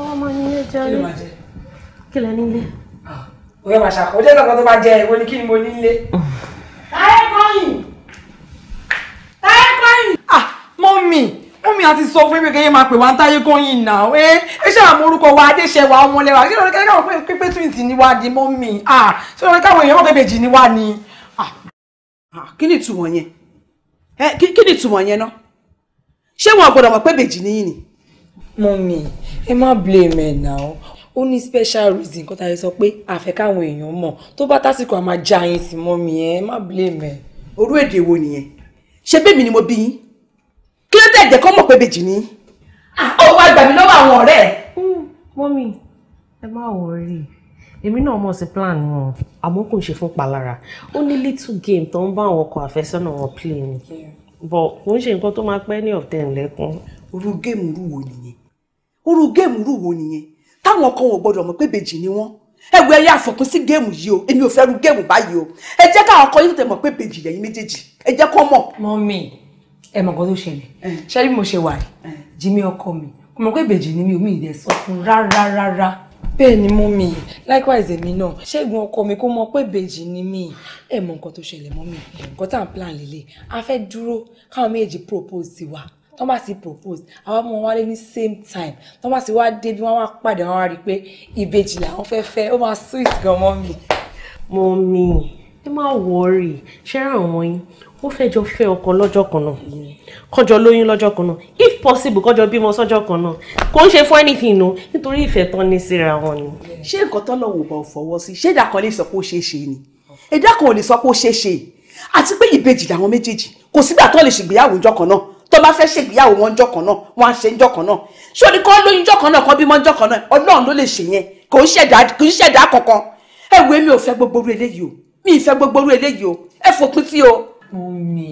ọmọ ni yẹn jẹ ní kílẹ̀ nílé. òye màṣà kò jẹ́ nǹkan tó bá jẹ ìwọ ni kí ni mo nílé. táyé kọ́yìn táyé kọ́yìn. ah mọ́mì mọ́mì àti sọ fún mi kẹ́yìn máa pè wá ń táyé kọ́yìn náà ẹ ẹ ṣe àwọn orúkọ wa adéṣẹwà ọmọlẹ́wà ṣé lórí kẹ́kẹ́ àwọn pípé twins ni wá di mọ́mì ah ṣé lórí káwọn èèyàn mọ̀kẹ́ bèjì ni wá ni. Ah. Ah, kí ni ìtumọ̀ yẹn náà ṣé wọn gbọ́dọ̀ mọ̀ pé bèjì ni yìí ni. mọ́mì ẹ má blame ẹ náà ó ní special reason kọ́ta yẹn sọ pé àfẹ́ káwọn èèyàn mọ̀ tó bá tásìkò àmà já yín sí mọ́ mi ẹ má blame ẹ. orú èdè wo nìyẹn ṣé bẹ́ẹ̀mi ni mo bí yín kí ló tẹ̀ ẹ̀jẹ̀ kọ́ mọ̀ pé bèjì ni. Ah, ó wá gbà mí lọ́wọ́ àwọn ọ̀rẹ́ ẹ̀. Hmm, mọ́mí ẹ má wọrí èmi náà mọ̀ sí plan wọn àmọ́ kò ṣe fún palára ó ní little game tó ń bá àwọn ọkọ àfẹ́sọ́nà wọn play ni but kò ń ṣe nǹkan tó máa pẹ́ ní ọ̀tẹ̀ ńlẹ́kùn. orú géèmù rú wo nìyẹn orú géèmù rú wo nìyẹn táwọn ọkọ wọn gbọ́dọ̀ mọ̀ pé bèjì ni wọ́n ẹ wo ẹyẹ àfọkún sí géèmù yìí o èmi ò fẹ́ ru géèmù báyìí o ẹ jẹ́ káwọn ọkọ yìí tẹ̀ mọ̀ pé bèjì lẹ́yìn méjèèjì ẹ jẹ́ kó mọ̀. mọ́mì ẹ mọ̀ nǹkan tó ṣẹlẹ̀ ṣé bí mo ṣe wà yìí jimmy ọkọ mi kò mọ̀ pé bèjì ni mi ò mí ìdẹ sọ fún rárá rárá bẹ́ẹ̀ ni mọ́mì likewise èmi náà ṣẹ́gun ọkọ mi kò mọ̀ pé bèjì ni mí ẹ mọ̀ nǹkan tó ṣẹlẹ̀ mọ́mì nǹkan tá à ń plan lélẹ̀ a fẹ́ dúró káwọn méjèèjì propose sí wa tó bá sì propose àwọn ọmọ wa lé ní same time tó bá sì wá dé bí wọ́n wá pàdé wọn wá rí i pé ìbejì làwọn fẹ́ fẹ́ ó máa sweet gan mọ́ mi. mọ mi ẹ má wọrí ṣẹ́ràn àwọn yín ó fẹ́ jọ fẹ́ ọkọ lọ́jọ́ kan náà kọjọ lóyún lọ́jọ́ kan náà if possible kọjọ bímọ sọ́jọ́ kan náà kò ń ṣe fún anything nù nítorí ìfẹ́ tán ní síra wọn ni. ṣé nǹkan tó lọ́wọ́ bá fọwọ́ sí ṣé ìdá kan lè sọ pé ó ṣeé ṣe ni ìdá kan ò lè sọ pé ó ṣeé ṣe àti pé ìbejì làwọn méjèèjì kò sígbà tó lè ṣègbéyàwó ìjọ kan náà tó bá fẹ́ ṣègbéyàwó wọn jọ kan náà wọn á ṣe ń jọ kan náà sórí kọ́ lóyún jọ kan náà kọ́ bímọ jọ kan náà ọlọ́run ló lè ṣe yẹn kò ń ṣẹ̀dá kankan ẹ wo èmi ò fẹ́ gbogbo orú eléyìí o mi ì fẹ́ gbogbo orú eléyìí o ẹ fòpin sí o. mummy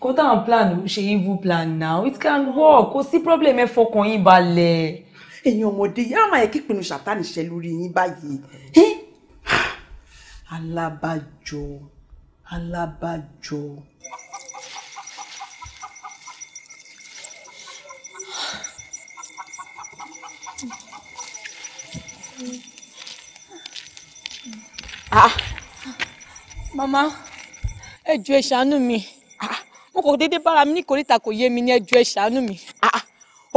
kò táwọn plan ṣe evil plan now it can work kò sí problem ẹ fọkàn yín balẹ̀. ẹ̀yin ọmọdé yàrá máa yẹ kí pinnu ṣàtàn ìṣẹ́ lórí yín báyìí alábàjọ alábàjọ màmá ẹ jọ̀ọ́ ẹ ṣàánú mi mo kò déédéé bára mi ní kòríta kò yé mi ní ẹ jọ̀ọ́ ẹ ṣàánú mi.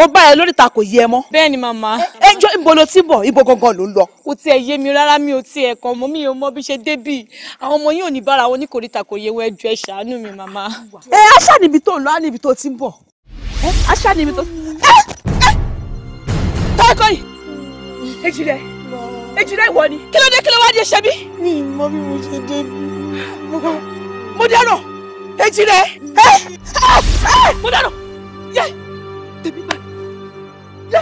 ó bá ẹ lóríta kò yé ẹ mọ́. bẹ́ẹ̀ni màmá. ẹ jọ̀ọ́ ti bọ̀ ibo gangan ló ń lọ. kò tiẹ̀ yé mi rárá mi ò tiẹ̀ kàn mọ́ mi ò mọ bí ṣe débì àwọn ọmọ yìí ò ní bára wọn ní kòríta kò yé wọn ẹ jọ̀ọ́ ẹ ṣàánú mi màmá. ẹ aṣá níbi tó ń lọ á níbi tó ti ń bọ̀ aṣá níbi tó. ẹ ẹ táyé èjìrẹ́ ìwọ ni kí ló dé kí ló wá di ẹsẹ̀ mi. mi mọ bí mo ṣe dé bí. mo dáràn èjìrẹ́ mo dáràn yẹ tèmi bá yẹ.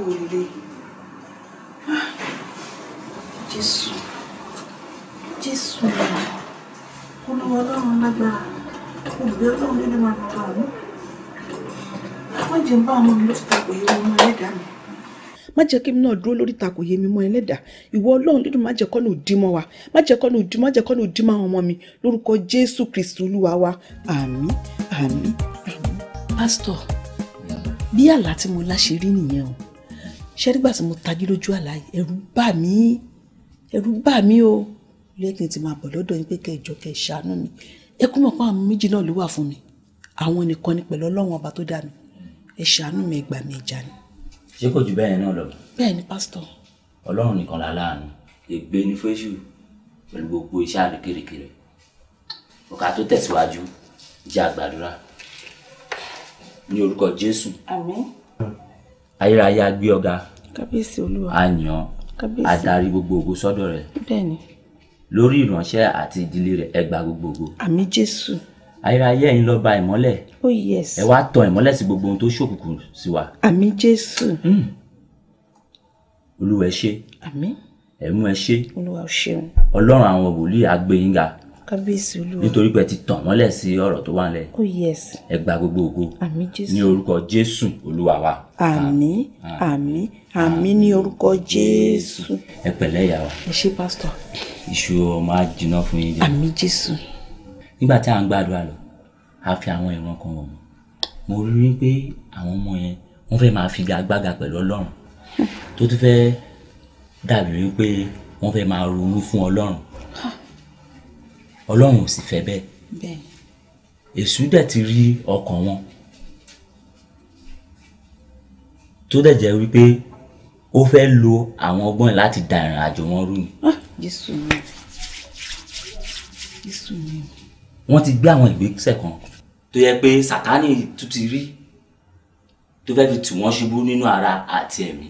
kú oríire ah, jésù jésù olúwa ọlọ́run lágbára olùgbé ọlọ́run nínú máa ń bá wọn wọ́n jẹ́ ń bá àwọn ọmọ lóṣù tàpọ̀ yìí wọn ẹlẹ́dàá mi má jẹ́ kí mi náà dúró lórí ìtàkùn yèmí mọ́ ẹlẹ́dàá ìwọ ọlọ́run dídùn má jẹ́ kọ́nù dí mọ́ wa má jẹ́ kọ́nù dí má jẹ́ kọ́nù dí mọ́ àwọn ọmọ mi lórúkọ jésù kristu olúwa wa àmín àmín àmín. pásítọ̀ bí àlá tí mo láṣẹ rí nìyẹn o ṣé nígbà tí mo tají lójú àlá yìí ẹ̀rù bà mí ẹ̀rù bà mí o lẹ́kìn tí máa bọ̀ lọ́dọ̀ yín pé kẹjọ kẹ ṣàánú mi ẹ kú mọ̀ pé àwọn méjì náà ló wà fún mi àwọn nìkan ni pẹ̀lú ọlọ́run ọba tó dá mi ẹ ṣàánú mi ẹ gbà mí ẹja ni. ṣé kò jù bẹ́ẹ̀ náà lọ. bẹ́ẹ̀ ni pásítọ̀. ọlọ́run nìkan la láàánú ègbé ni fésù pẹ̀lú gbogbo iṣẹ́ àdókèrèkèrè ọ̀ka tó tẹ̀síwájú jẹ́ àgbàdúrà ní orúkọ jésù. àmín ayérayé agbé ọ̀gá kábíyèsí olúwa àyàn àdarí gbogbo ògo sọ́dọ̀ rẹ̀ bẹ́ẹ̀ni lórí ìránṣẹ́ àti ìdílé rẹ̀ ẹ gba gbogbo ògo àmín jésù ayérayé ẹ̀yin lọ ba ìmọ́lẹ̀ oh yes ẹ wá tan ìmọ́lẹ̀ sí gbogbo ohun tó ṣòkùnkùn sí wa àmín jésù hmm. olúwa ẹ ṣé àmín ẹ̀mú ẹ ṣé olúwa ò ṣeun ọlọ́run àwọn wòlíì agbẹ́yìnga kábíyèsí olúwa. nítorí pé ti tàn mọ́lẹ̀ sí ọ̀rọ̀ tó wà nílẹ̀. oh yes. ẹ gba gbogbo ògo. àmín jésù. ní orúkọ jésù olúwa wa. àmín àmín àmín ní orúkọ jésù. ẹ pẹ̀lẹ́ ìyá wa. ẹ ṣé pásítọ̀. iṣu ọmọ á fún yín jẹ. àmín jésù. nígbà tí à ń gbàdúrà lọ a fi àwọn ìran kan wọ̀ mọ́ mo rí i pé àwọn ọmọ yẹn wọ́n fẹ́ máa figagbága pẹ̀lú ọlọ́run tó tún fẹ́ dàbí wípé wọ́n fẹ́ máa ronú fún ọlọ́run ọlọ́run ò sì fẹ́ bẹ́ẹ̀ èṣù dẹ̀ ti rí ọkàn wọn tó dẹ̀ jẹ́ wípé ó fẹ́ lo àwọn ọgbọ́n láti da ìrìn àjò wọn rú ni. Ah, Jésù mi Jésù mi. wọ́n ti gbé àwọn ìgbésẹ̀ kan tó yẹ pé Sátánì tún ti rí tó fẹ́ fi tù wọ́n ṣubú nínú ara àti ẹ̀mí.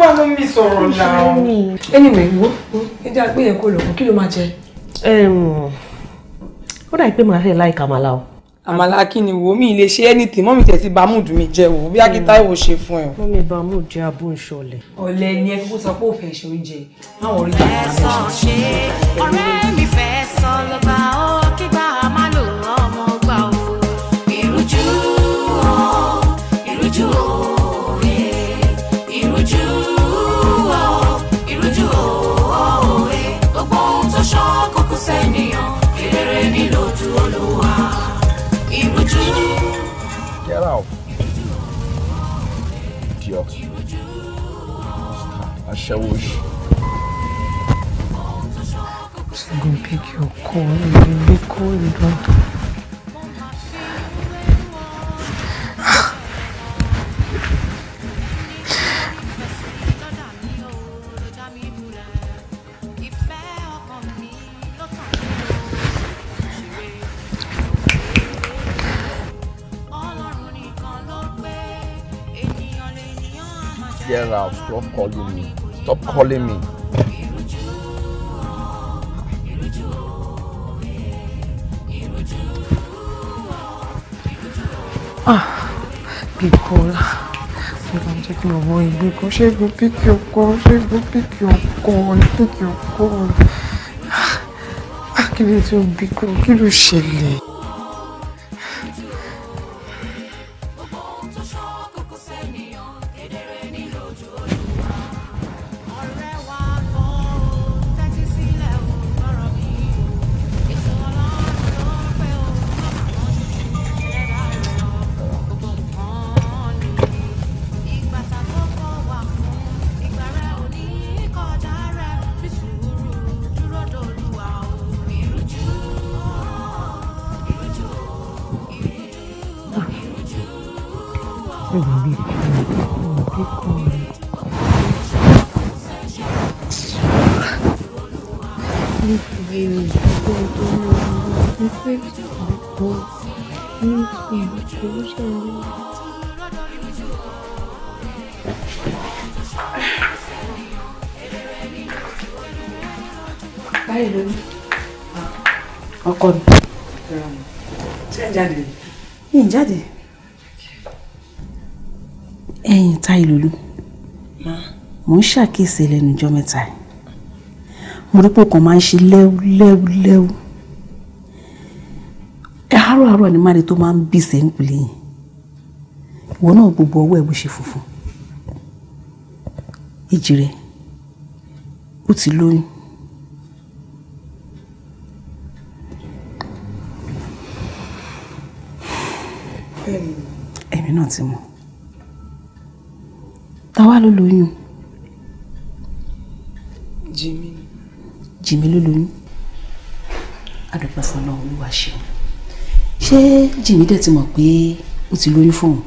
wà ló mi sọ̀rọ̀ náà. anyway wo ẹja pé yẹn kò lọ kí ló máa jẹ. ó dà pé màá fẹ́ láìka àmàlà o. àmàlà kí ni wo mi lè ṣe anything mọ́mí tẹ̀ sí bamud mi jẹ́ wo bí akíta ìwò ṣe fún ẹ. mọ́mí bamud jẹ́ abó ìṣọ̀lẹ̀. ọ̀lẹ ni ẹ kó sọ pé òfẹ́ ṣe oúnjẹ máwọn orí ìgbà kan. ẹ̀sán ṣe ọ̀rẹ́ mi fẹ́ sọ lọ́ba. auf. Idiot. Aṣẹ́wó ṣe. I'm just gonna pick your call, you call, you don't. get out stop calling me stop calling me. Ah, Bíkọ́lá ṣe bá ń jẹ́ kí ọmọ ìgbé kan ṣé gbé píkì ọkọ ṣé gbé píkì ọkọ píkì ọkọ kí ló tó bí kọ́ kí ló ṣẹlẹ̀. lórí jáde. táyì lulú mo ń ṣàkíyèsí lẹ́nu ọjọ́ mẹ́ta mo rí pé ọkàn máa ń ṣe lẹ́wú lẹ́wú lẹ́wú àárọ̀ àárọ̀ ni máre tó máa ń bì sẹ́ńpìlì yìí ìwọ náà gbogbo ọwọ́ ẹ̀ bó ṣe funfun ìjì rẹ̀ ó ti lóyún. ẹ̀mí náà ti mọ̀ ta wá ló lóyún. jìmí. jìmí ló lóyún. adúpẹ́ fún ọlọ́run olúwa ṣeun. ṣé jìmí dẹ̀ ti mọ̀ pé ó ti lóyún fóun.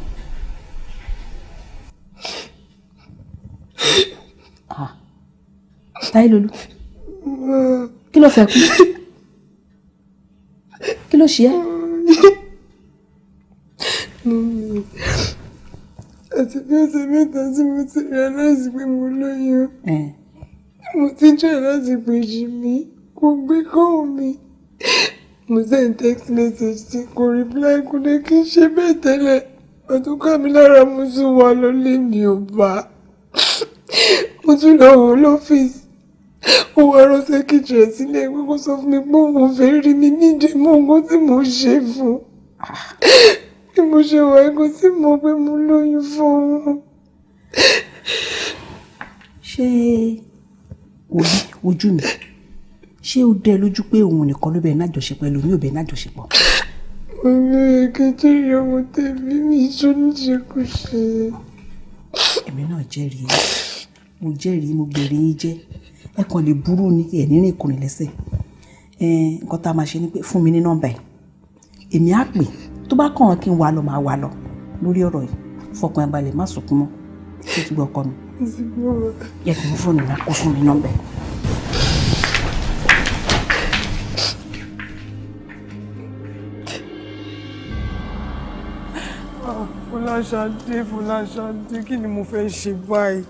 Ah. táyé lolú kí ló fẹ́ kú kí ló ṣe é àti bí ọ̀sẹ̀ mẹ́ta tí mo ti realize pé mo lóyún mo ti try láti pè jù mí kò gbé kọ́ mi mo send text message tí kò reply kò lè kí n ṣe bẹ́ẹ̀ tẹ́lẹ̀ ọdún ká mi lára mo tún wà lólè mi ò bá mo tún lọ wò lọ́fíìsì ó wá ránṣẹ́ kejì ẹ̀ sílẹ̀ pé kó sọ fún mi pé òun fẹ́ rí mi nídìí mọ́ nǹkan tí mo ṣe fún un bí mo ṣe wà kò sí mọ̀ pé mo lóyún fún un. ṣé òbí ojú mi ṣé ó dẹ lójú pé òun nìkan ló bẹ̀rẹ̀ nájọṣepọ̀ ẹlòmíì ò bẹ̀rẹ̀ nájọṣepọ̀. yọ ọmọ tẹ̀mí mi tó ní ṣe kò ṣe. èmi náà jẹ́rìí mo jẹ́rìí mo gbèrè yín jẹ́ ẹ kàn lè burú ni ẹ̀ nínú ìkùnrin lẹ́sẹ̀ nǹkan tá a máa ṣe ni pé fún mi ní nọ́mbà ẹ̀ èmi á pè é tó bá kàn án kí n wà lọ máa wà lọ lórí ọ̀rọ̀ yìí fọkàn ẹ balẹ̀ má sunkún mọ́ tó ti gbọ́ ọkọ mi. yẹ kí n fóònù náà kó fún mi nọ́mbà ah, fúláṣadé fúláṣadé kí ni mo fẹ́ ṣe báyìí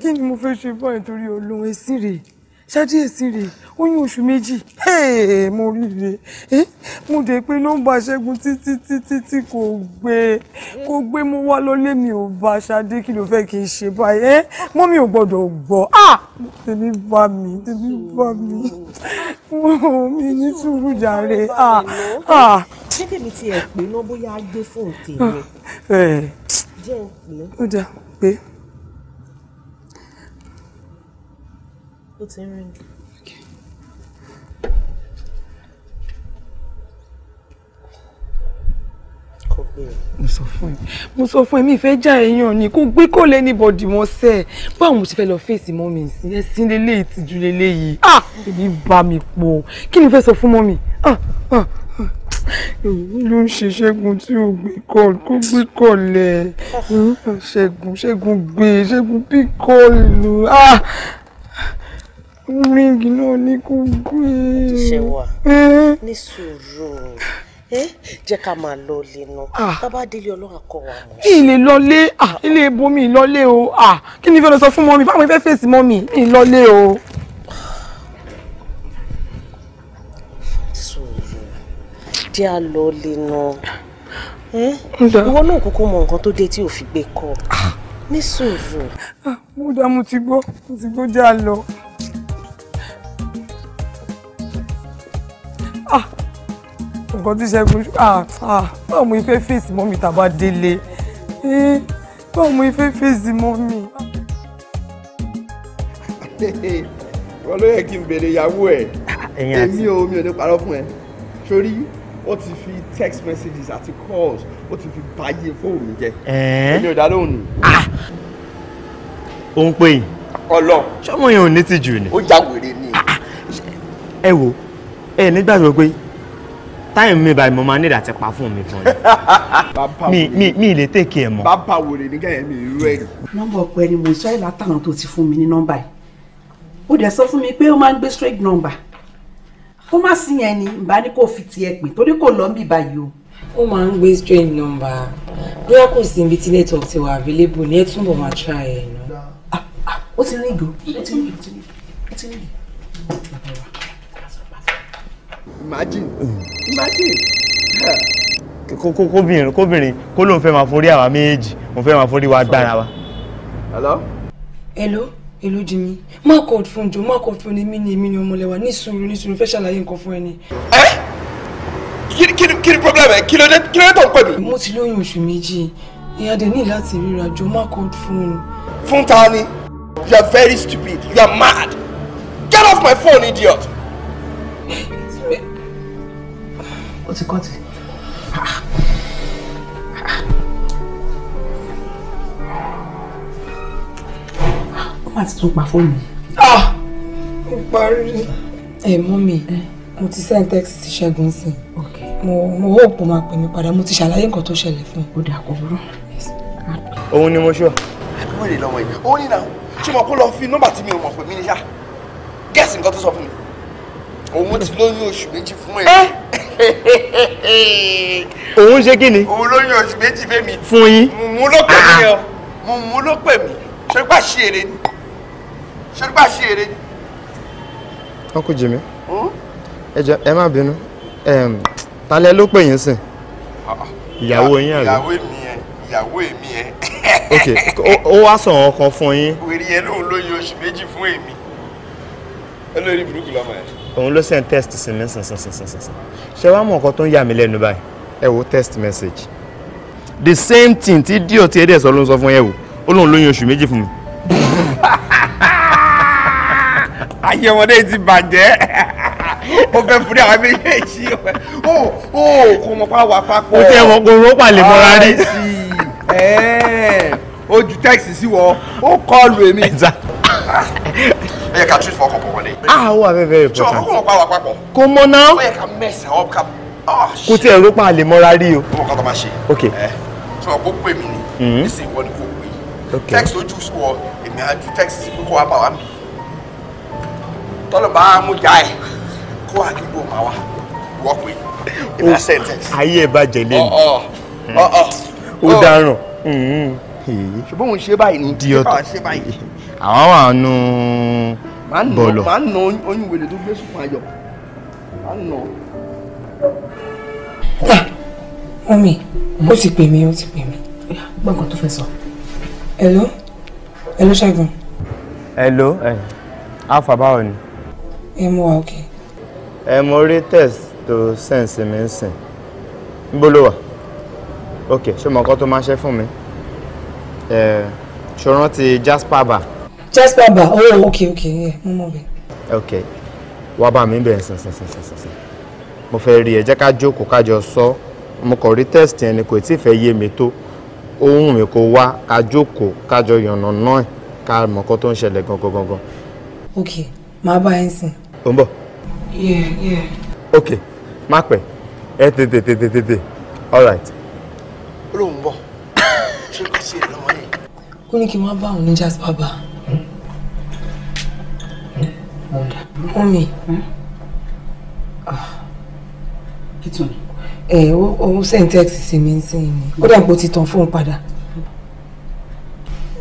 kí ni mo fẹ́ ṣe báyìí torí olóhùn esí rèé ṣàdíyèsí rè oyún oṣù méjì mo rí rè eh, mo dé pé nọ́mbà ṣẹ́gun títí títí tí kò gbé kò gbé mo wá lọ́lé mi ò bá ṣadé kí ló fẹ́ kí n ṣe báyìí eh, mọ́ mi ò gbọ́dọ̀ gbọ́ ah! tèmi bá mi tèmi bá mi mi ní sùúrù jàre. Ah, ah. ṣé tèmi ti ẹ̀ pé náà bóyá á gbé fóònù tèmi eh. ó dà pé. ó ti ń rìn. mo sọ fún ẹ mo sọ fún ẹ mi fẹ́ já èèyàn ni kó gbé kó lé ní bọdì wọn sẹ báwo mo ṣe fẹ́ lọ fèsì mọmi sí ẹsìn lélẹ ìtìjú lélẹ yìí ah èmi bá mi pọ̀ kí ni fẹ́ sọ fún mọmi ah! ah ah ló ń ṣe ṣẹ́gun tí ò gbé kọ́ kó gbé kọ́ lẹ̀ ah! ṣẹ́gun ṣẹ́gun gbé ṣẹ́gun bí kọ́ lù ah ríngì náà ní kú gbé. ṣé wà eh? ní sùúrù eh? jẹ́ ká máa lọ ilé náà bàbá ah. délé ọlọ́run akọ wa mọ̀. ilé lọlé ah, ilé ibomi lọlé o ah, kí ni fẹ́ lọ sọ fún mọ́mí báwọn fẹ́ fèsì mọ́mí ní lọlé o. sùúrù jẹ́ à lọ ilé náà eh? ìwọ náà kúkú mọ nǹkan tó dé tí ò fi gbé kọ ní sùúrù. mo dá mo ti gbọ́ mo ti gbọ́ já lọ. Ah, nǹkan tí ṣẹ́gun ah, ah, báwo mo ife fèsì mọ́ mi tàbá délé eh, báwo mo ife fèsì mọ́ mi. wọ́n ló yẹ kí n béèrè ìyàwó ẹ̀ èmi ò mi ò ní parọ́ fún ẹ sórí ó ti fi text messages àti calls ó ti fi báyé fóònù mi jẹ èmi ò dá lóhùn ni. ó ń pè yín. ọlọ. sọmọ yẹn ò ní tìjú ni. ó jà wèrè ni. ẹ wo ẹ nígbàgbọ́ pé Time mi báyìí mo máa nílò àti pa fún mi fún mi mi mi lè tèké ẹ mọ. bàbá wo lè nígbà yẹn mi irú ẹ. nọ́mbà ọpẹ ni mo sọ ẹ látàrán tó ti fún mi ní nọ́mbà yìí ó dẹ̀ sọ fún mi pé ó máa ń gbé straight number kó má sí yẹn ni ìbá ní kò fi tiẹ̀ pè torí kò lọ bí báyìí o. ó máa ń gbé straight number bóyá kò sí ibi tí network ti wà available ní ẹ túnbọ̀ máa try ẹ̀ nù. Ah, ah, ó ti rí ìgò ó ti rí ìgò ó ti rí ìgò imagine mm. imagine kóbìnrin kóbìnrin kó ló ń fẹ́ máa forí àwa méjèèjì mo fẹ́ máa forí wa gbára wa. hello. hello èló di mi má kọ fún jọ má kọ fún mi ni èmi ni ọmọlẹ́wà ní sùúrù ní sùúrù fẹ́ ṣàlàyé nǹkan fún ẹni. ẹ eh? kí ni problem ẹ kí ló dé kí ló dé tó ń pè mí. mo ti lóyún oṣù méjì ìyá dẹ ní láti ríra jọ má kọ fún un. fún ta ni you are very stupid you are mad get off my phone idiot. ó ti kọ́ọ̀tì. ó mà ti tún pa fóònù yìí. Ah! ó parí rí. ẹ mú mi mo ti send text sí ṣẹ́gun sí i mo mo hope máa pè mí padà mo ti ṣàlàyé nǹkan tó ṣẹlẹ̀ fún un. ó dà kó burú. òun ni mo ṣọ. àbúrò lè lọ́wọ́ yìí ó ní náà ṣé mo kó lọ fi nọ́mbà tí mi ò mọ̀ pé mi ní ṣá gẹ̀ẹ́sì nǹkan tó sọ fún mi òun ti lóyún oṣù méjì fún ẹ. Eh! òun ṣe kí ni. òun ló yan oṣù méjì fẹ́mi. fún yín. mùmú ló pè mí ọ ah. mùmú ló pè mí ṣọgbà ṣe èrè ni ṣọgbà ṣe èrè ni. ọkùnrin jìmí hm? ẹ jọ ẹ má bínú talẹ ló pè yín sìn ah, ah. ìyàwó yín àlè. ìyàwó mi ẹ ìyàwó mi ẹ. ok ó wá sọ̀rọ̀ kan fún yín. wèrè yẹn lóun ló yan oṣù méjì fún èmi olórí burúkú lọ́mọ yẹn òun ló send text sí mi sìnsìnsìnsìn ṣé wàá mọ nǹkan tó ń yà mí lẹ́nu báyìí ẹ wo test message the same thing tí díò tí ẹdẹ sọ ló ń sọ fún ẹ wò ó lóun lóyún oṣù méjì fún mi. ayé ọmọdé ti bàjẹ́ ó fẹ́ fúri àwọn méjèèjì ó oh, ó oh, kò mọ̀ pa wà papọ̀. o tẹ wọn kò rọ́pà lè mọ́ra rí. Eh, ó ju text sí wọ ó kọlu èmi. ẹ yẹ ká treat for ọkàn pọ̀ wọlé. ah wà very very important. sọ ọkọ wa papọ̀. kò mọ náà. ó yẹ ká mess up ká. Ah, kò tiẹ̀ ró pa àlè mọ́ra rí o. ó mọ̀ kọ́tọ́ máa ṣe. ok ẹ sọ kó pè mí ni. ẹsẹ̀ ìwọ ni kò pè. ok text ojú sọ èmi àti text kókó wa bá wa mi. tọ́lọ̀ mú já ẹ̀ kó àdúgbò máa wá wọ́ pé èmi àṣẹ text. ayé ẹ bàjẹ́ lé mi. Mm. ó dáràn. Mm-hmm. ṣùgbọ́n òun ṣe báyìí ni. di ọ̀tọ̀ àwọn wà nù bọ̀lọ̀. máa nà oyún wèrè tó gbé sùpà yọ máa nà. mọ́mí ó ti pè mí ó ti pè mí gbọ́ngàn tó fẹ́ sọ. hello hello ṣẹ́gun. hello ẹ̀ alfa báwo ni. ẹ mú wa òkè. ẹ mo rí test tó sẹ́ǹsì mi ń sìn níbo ló wà ok ṣé mo kọ́ tó máa ṣe fún mi ṣòran ti jasper bar chest baba oh okay, ok mo mọ̀ bẹ́ẹ̀. ok wá bá mi bẹ̀rẹ̀ sàn sàn sàn sàn sàn mo fẹ́ rí ẹ jẹ́ ká jókòó ká jọ sọ mo kàn rí test yẹn ni kò tí ì fẹ́ yé mi tó ohun mi kò wá ká jókòó ká jọ yànnà náà ká mọ̀ kó tó ń ṣẹlẹ̀ gangan gangan. ok màá bá ẹ sìn. ó ń bọ̀. yeah yeah. ok má pẹ́ ẹ tètè tètè tètè all right. ó lóun bọ̀ ṣé kò sí ẹ lọ́wọ́ yìí. kó ní kí n má bá òun ní jásípà bá a mọ́mí ẹ̀ òun sẹ́ńtẹ́x sí mi ń sìn ní ó dàgbò ti tàn fóun padà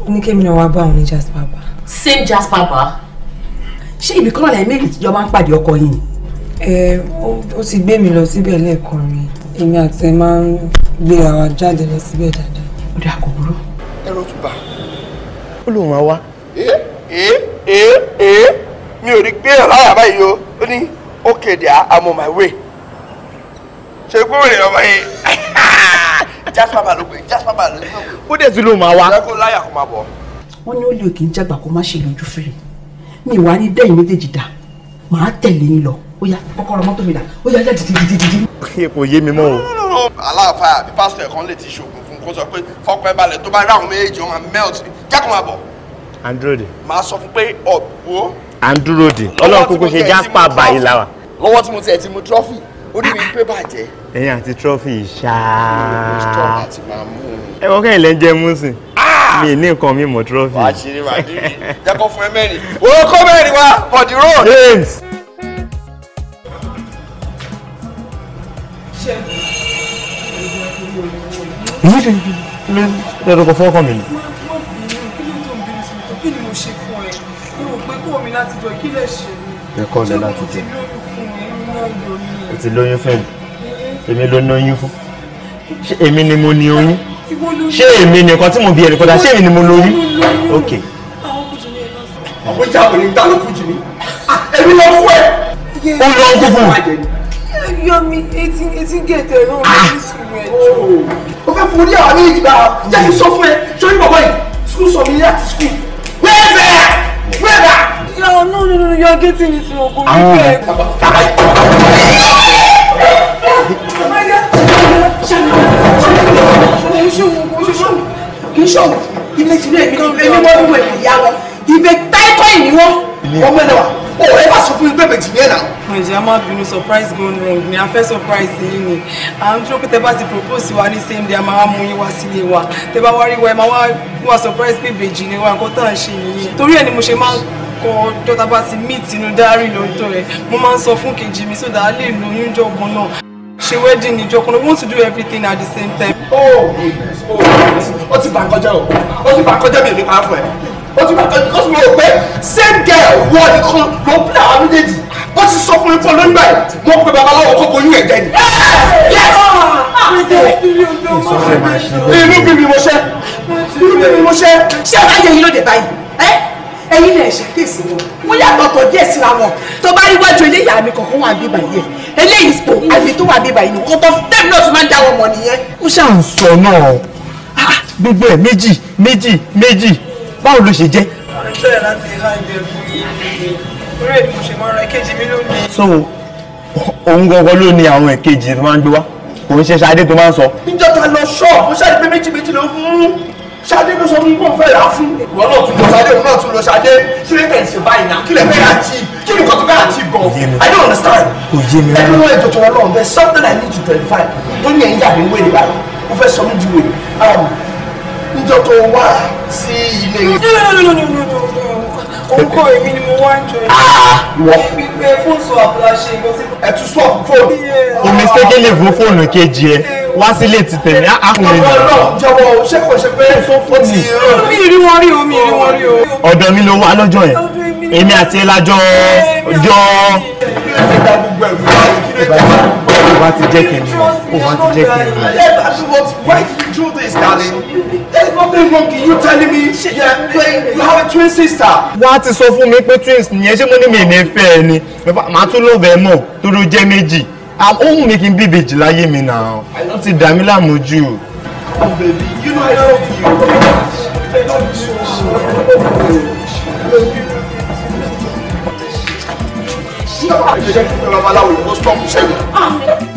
ó ní kémi náà wá bá òun ní Jasper bá. same Jasper bá ṣé ibì kan náà lẹ́yìn méjì tíjọba ń pàdé ọkọ yìí. ẹ o ti gbé mi lọ síbẹ̀ lẹ́ẹ̀kan rí èmi àti ẹ máa ń gbé àwa jáde lọ síbẹ̀ dáadáa. ó dà kò burú. ẹ̀rọ tún bá ó lóun máa wá. ẹ ẹ ẹ ẹ mi ò rí gbé ẹ̀ láyà báyìí o ó ní okay dear I'm on my way ṣe gbé wèrè ọmọ yìí Jasper bá ló pé Jasper bá ló pé. ó dẹ̀ tún ló máa wá. ìyá kó láyà kó máa bọ̀. wọ́n ní ó lè kí n jágbà kó má ṣe lójú fèrè mi ìwà rí dẹ́yìn méjèèjì dá màá tẹ̀lé yín lọ ó yá kọ́kọ́rọ́ mọ́tò mi dà ó yá yá dìdì dìdì dìdì. kò yé mi mọ́ o. aláàfáà àbí pásítọ̀ ẹ̀kan lè ti ṣoògùn fún kó sọ pé fọkàn ẹ balẹ̀ tó bá ráhùn méjèèjì wọn máa melt jákòó máa bọ̀. androde. màá sọ fún pé ọ̀pọ̀ à rodi. dúró dè ọlọ́run kúkú ṣe jápà báyìí láwa. lọ́wọ́ tí mo tiẹ̀ ti mu trọ́fì ó ní mi pé bàjẹ́. ẹ̀yin àti trọ́fì ṣáá ẹ wọ́n kẹ́yìn lẹ́ ń jẹ múùsìn ah! mi ní nǹkan mi mọ̀ trọ́fì. wàá ṣe wàá dín ní fún ẹ mẹ́rin òun mẹ́rin wá for the road. James. ìyí lè lè lè lọ́dọ̀ kọ fọ́ọ̀kan mi mi láti jọ kí lè ṣe mi. ẹkọ lè láti jọ o ti lóyún fún mi èmi ló lóyún fún ṣé èmi ni mo ní oyún ṣé èmi nìkan tí mo bí ẹnìkan dá ṣé èmi ni mo lóyún ok. àwọn ìjà kò ní dá ló kú jù mí ah, èmi ló fún ẹ. ó lọ ń kú fún mi. yọ mi etí etí gèdè náà ló ń ah! sùn ẹ jù. o fẹ́ fún orí àwọn ní ìgbà jẹ́ kí n sọ fún ẹ sórí bàbá yìí sùkúl sọ mi láti sùkúl wẹ́ẹ̀bẹ̀ wẹ́ẹ̀bẹ̀. Yeah, no, no, no, you are getting it wrong. Go back. Ilé tí ilé ìbílẹ̀ ilé wọ́n wù ẹ̀mí ìyá wọn. Ibẹ̀ táìkọ́ ìní wọn. Ọmọ ẹlẹ́wà. O ẹ bá sọ fún mi pẹ́pẹ́ jì ní ẹ̀nà. Ǹjẹ́ a máa bínú surprise gone wrong ni a fẹ́ surprise yìí ni. À ń dúró pé tẹ bá ti propose wa ní same day a máa mú yín wá sílé wa. Tẹ bá wá my wa ẹ máa wá wá surprise pé ìbejì ni wa nǹkan tá à ń ṣe yìí. Torí ẹ̀ ni mo ṣe máa nǹkan ọjọ́ tá a bá ti mí ìtinú dárí lóòótọ́ rẹ̀ mo máa ń sọ fún kejì mi sódà á lè lóyún jọ̀gbọ́n náà ṣe wedding níjọ́ kan we want to do everything at the same time. oh goodness oh ti bà kọjá o ó ti bà kọjá mi ò fún ẹ ó ti bà kọjá because mi ò pé same girl wọ nìkan ló ń pílẹ̀ àwọn méjèèjì ó ti sọ fún mi fún lónìí báyìí mo pe babaláwo kó boyún ẹ̀jẹ̀ ni. inú bí mi mo ṣe inú bí mi mo ṣe ṣé ọ̀la yẹ yín lóde báyìí ẹ̀yin náà ṣàkíyèsí wọn wọn yàtọ̀ tọ̀ díẹ̀ síra wọn tó bá rí wájú eléyìí àmì kankan wà bíbà yìí eléyìí ipò àmì tó wà bíbà yìí nìkan tó tẹ́mi náà fi máa ń dá wọn nìyẹn. ó ṣáà sọ náà gbogbo ẹ méjì méjì méjì báwo ló ṣe jẹ́. so òun gangan ló ní àwọn èkejì tó máa ń gbé wá kò ń ṣe ṣadé tó máa ń sọ. níjọ́ ta lọ ṣọ́ọ̀ Ṣadé ló sọ fún kó n fẹ́ ra fún. ìwọ náà tún lọ Ṣadé òun náà tún lọ Ṣadé kí lè tẹ̀sí báyìí náà kí fẹ́ ra tí kí ni kòtò bẹ́ẹ̀ àti gan. I don't understand. kò yé mi rárá ẹni wọn ètò ọlọ́run there's something I need to verify ó ní ẹ̀yìn àmì wèrè báyìí ó fẹ́ sọ mí di wèrè níjọ́ tó wá sí ilé orúkọ èmi ni mo wá ń jọ yìí níbi ah! pé fóònù sọ àbúrò ṣe nǹkan sí. ẹ tún sọ fóònù. Ah. o mistake lè fún fóònù kejì ẹ wá sílé ti tẹ̀lé àkùnrin náà. ọ̀rọ̀ jọ̀wọ́ o ṣé kò ṣe pé ó ti rán. mi rí wọn rí o mi rí wọn rí o. ọ̀dọ̀ mi ló wà lọ́jọ́ yẹn èmi àti ẹ̀ lájọ́ jọ́ ìgbà gbogbo ẹ̀rù ìgbà kí ló dé gbogbo ẹ̀rù. what why did you do there's nothing wrong in you telling me you you have a twin sister. wọ́n á ti sọ fún mi twins nìyẹn ṣé mo ní mi ní fẹ́ ẹ ni màá tún ló bẹ́ẹ̀ mọ̀ tó ló jẹ́ méjì ohun mi kì í bí ìbejì láyé mi náà ó ti dà mí láàmú oh baby you know I love you. I love you so much ṣé àwọn àìṣiṣẹ́ kí ni babaláwo ìwọ stop sẹ́yìn.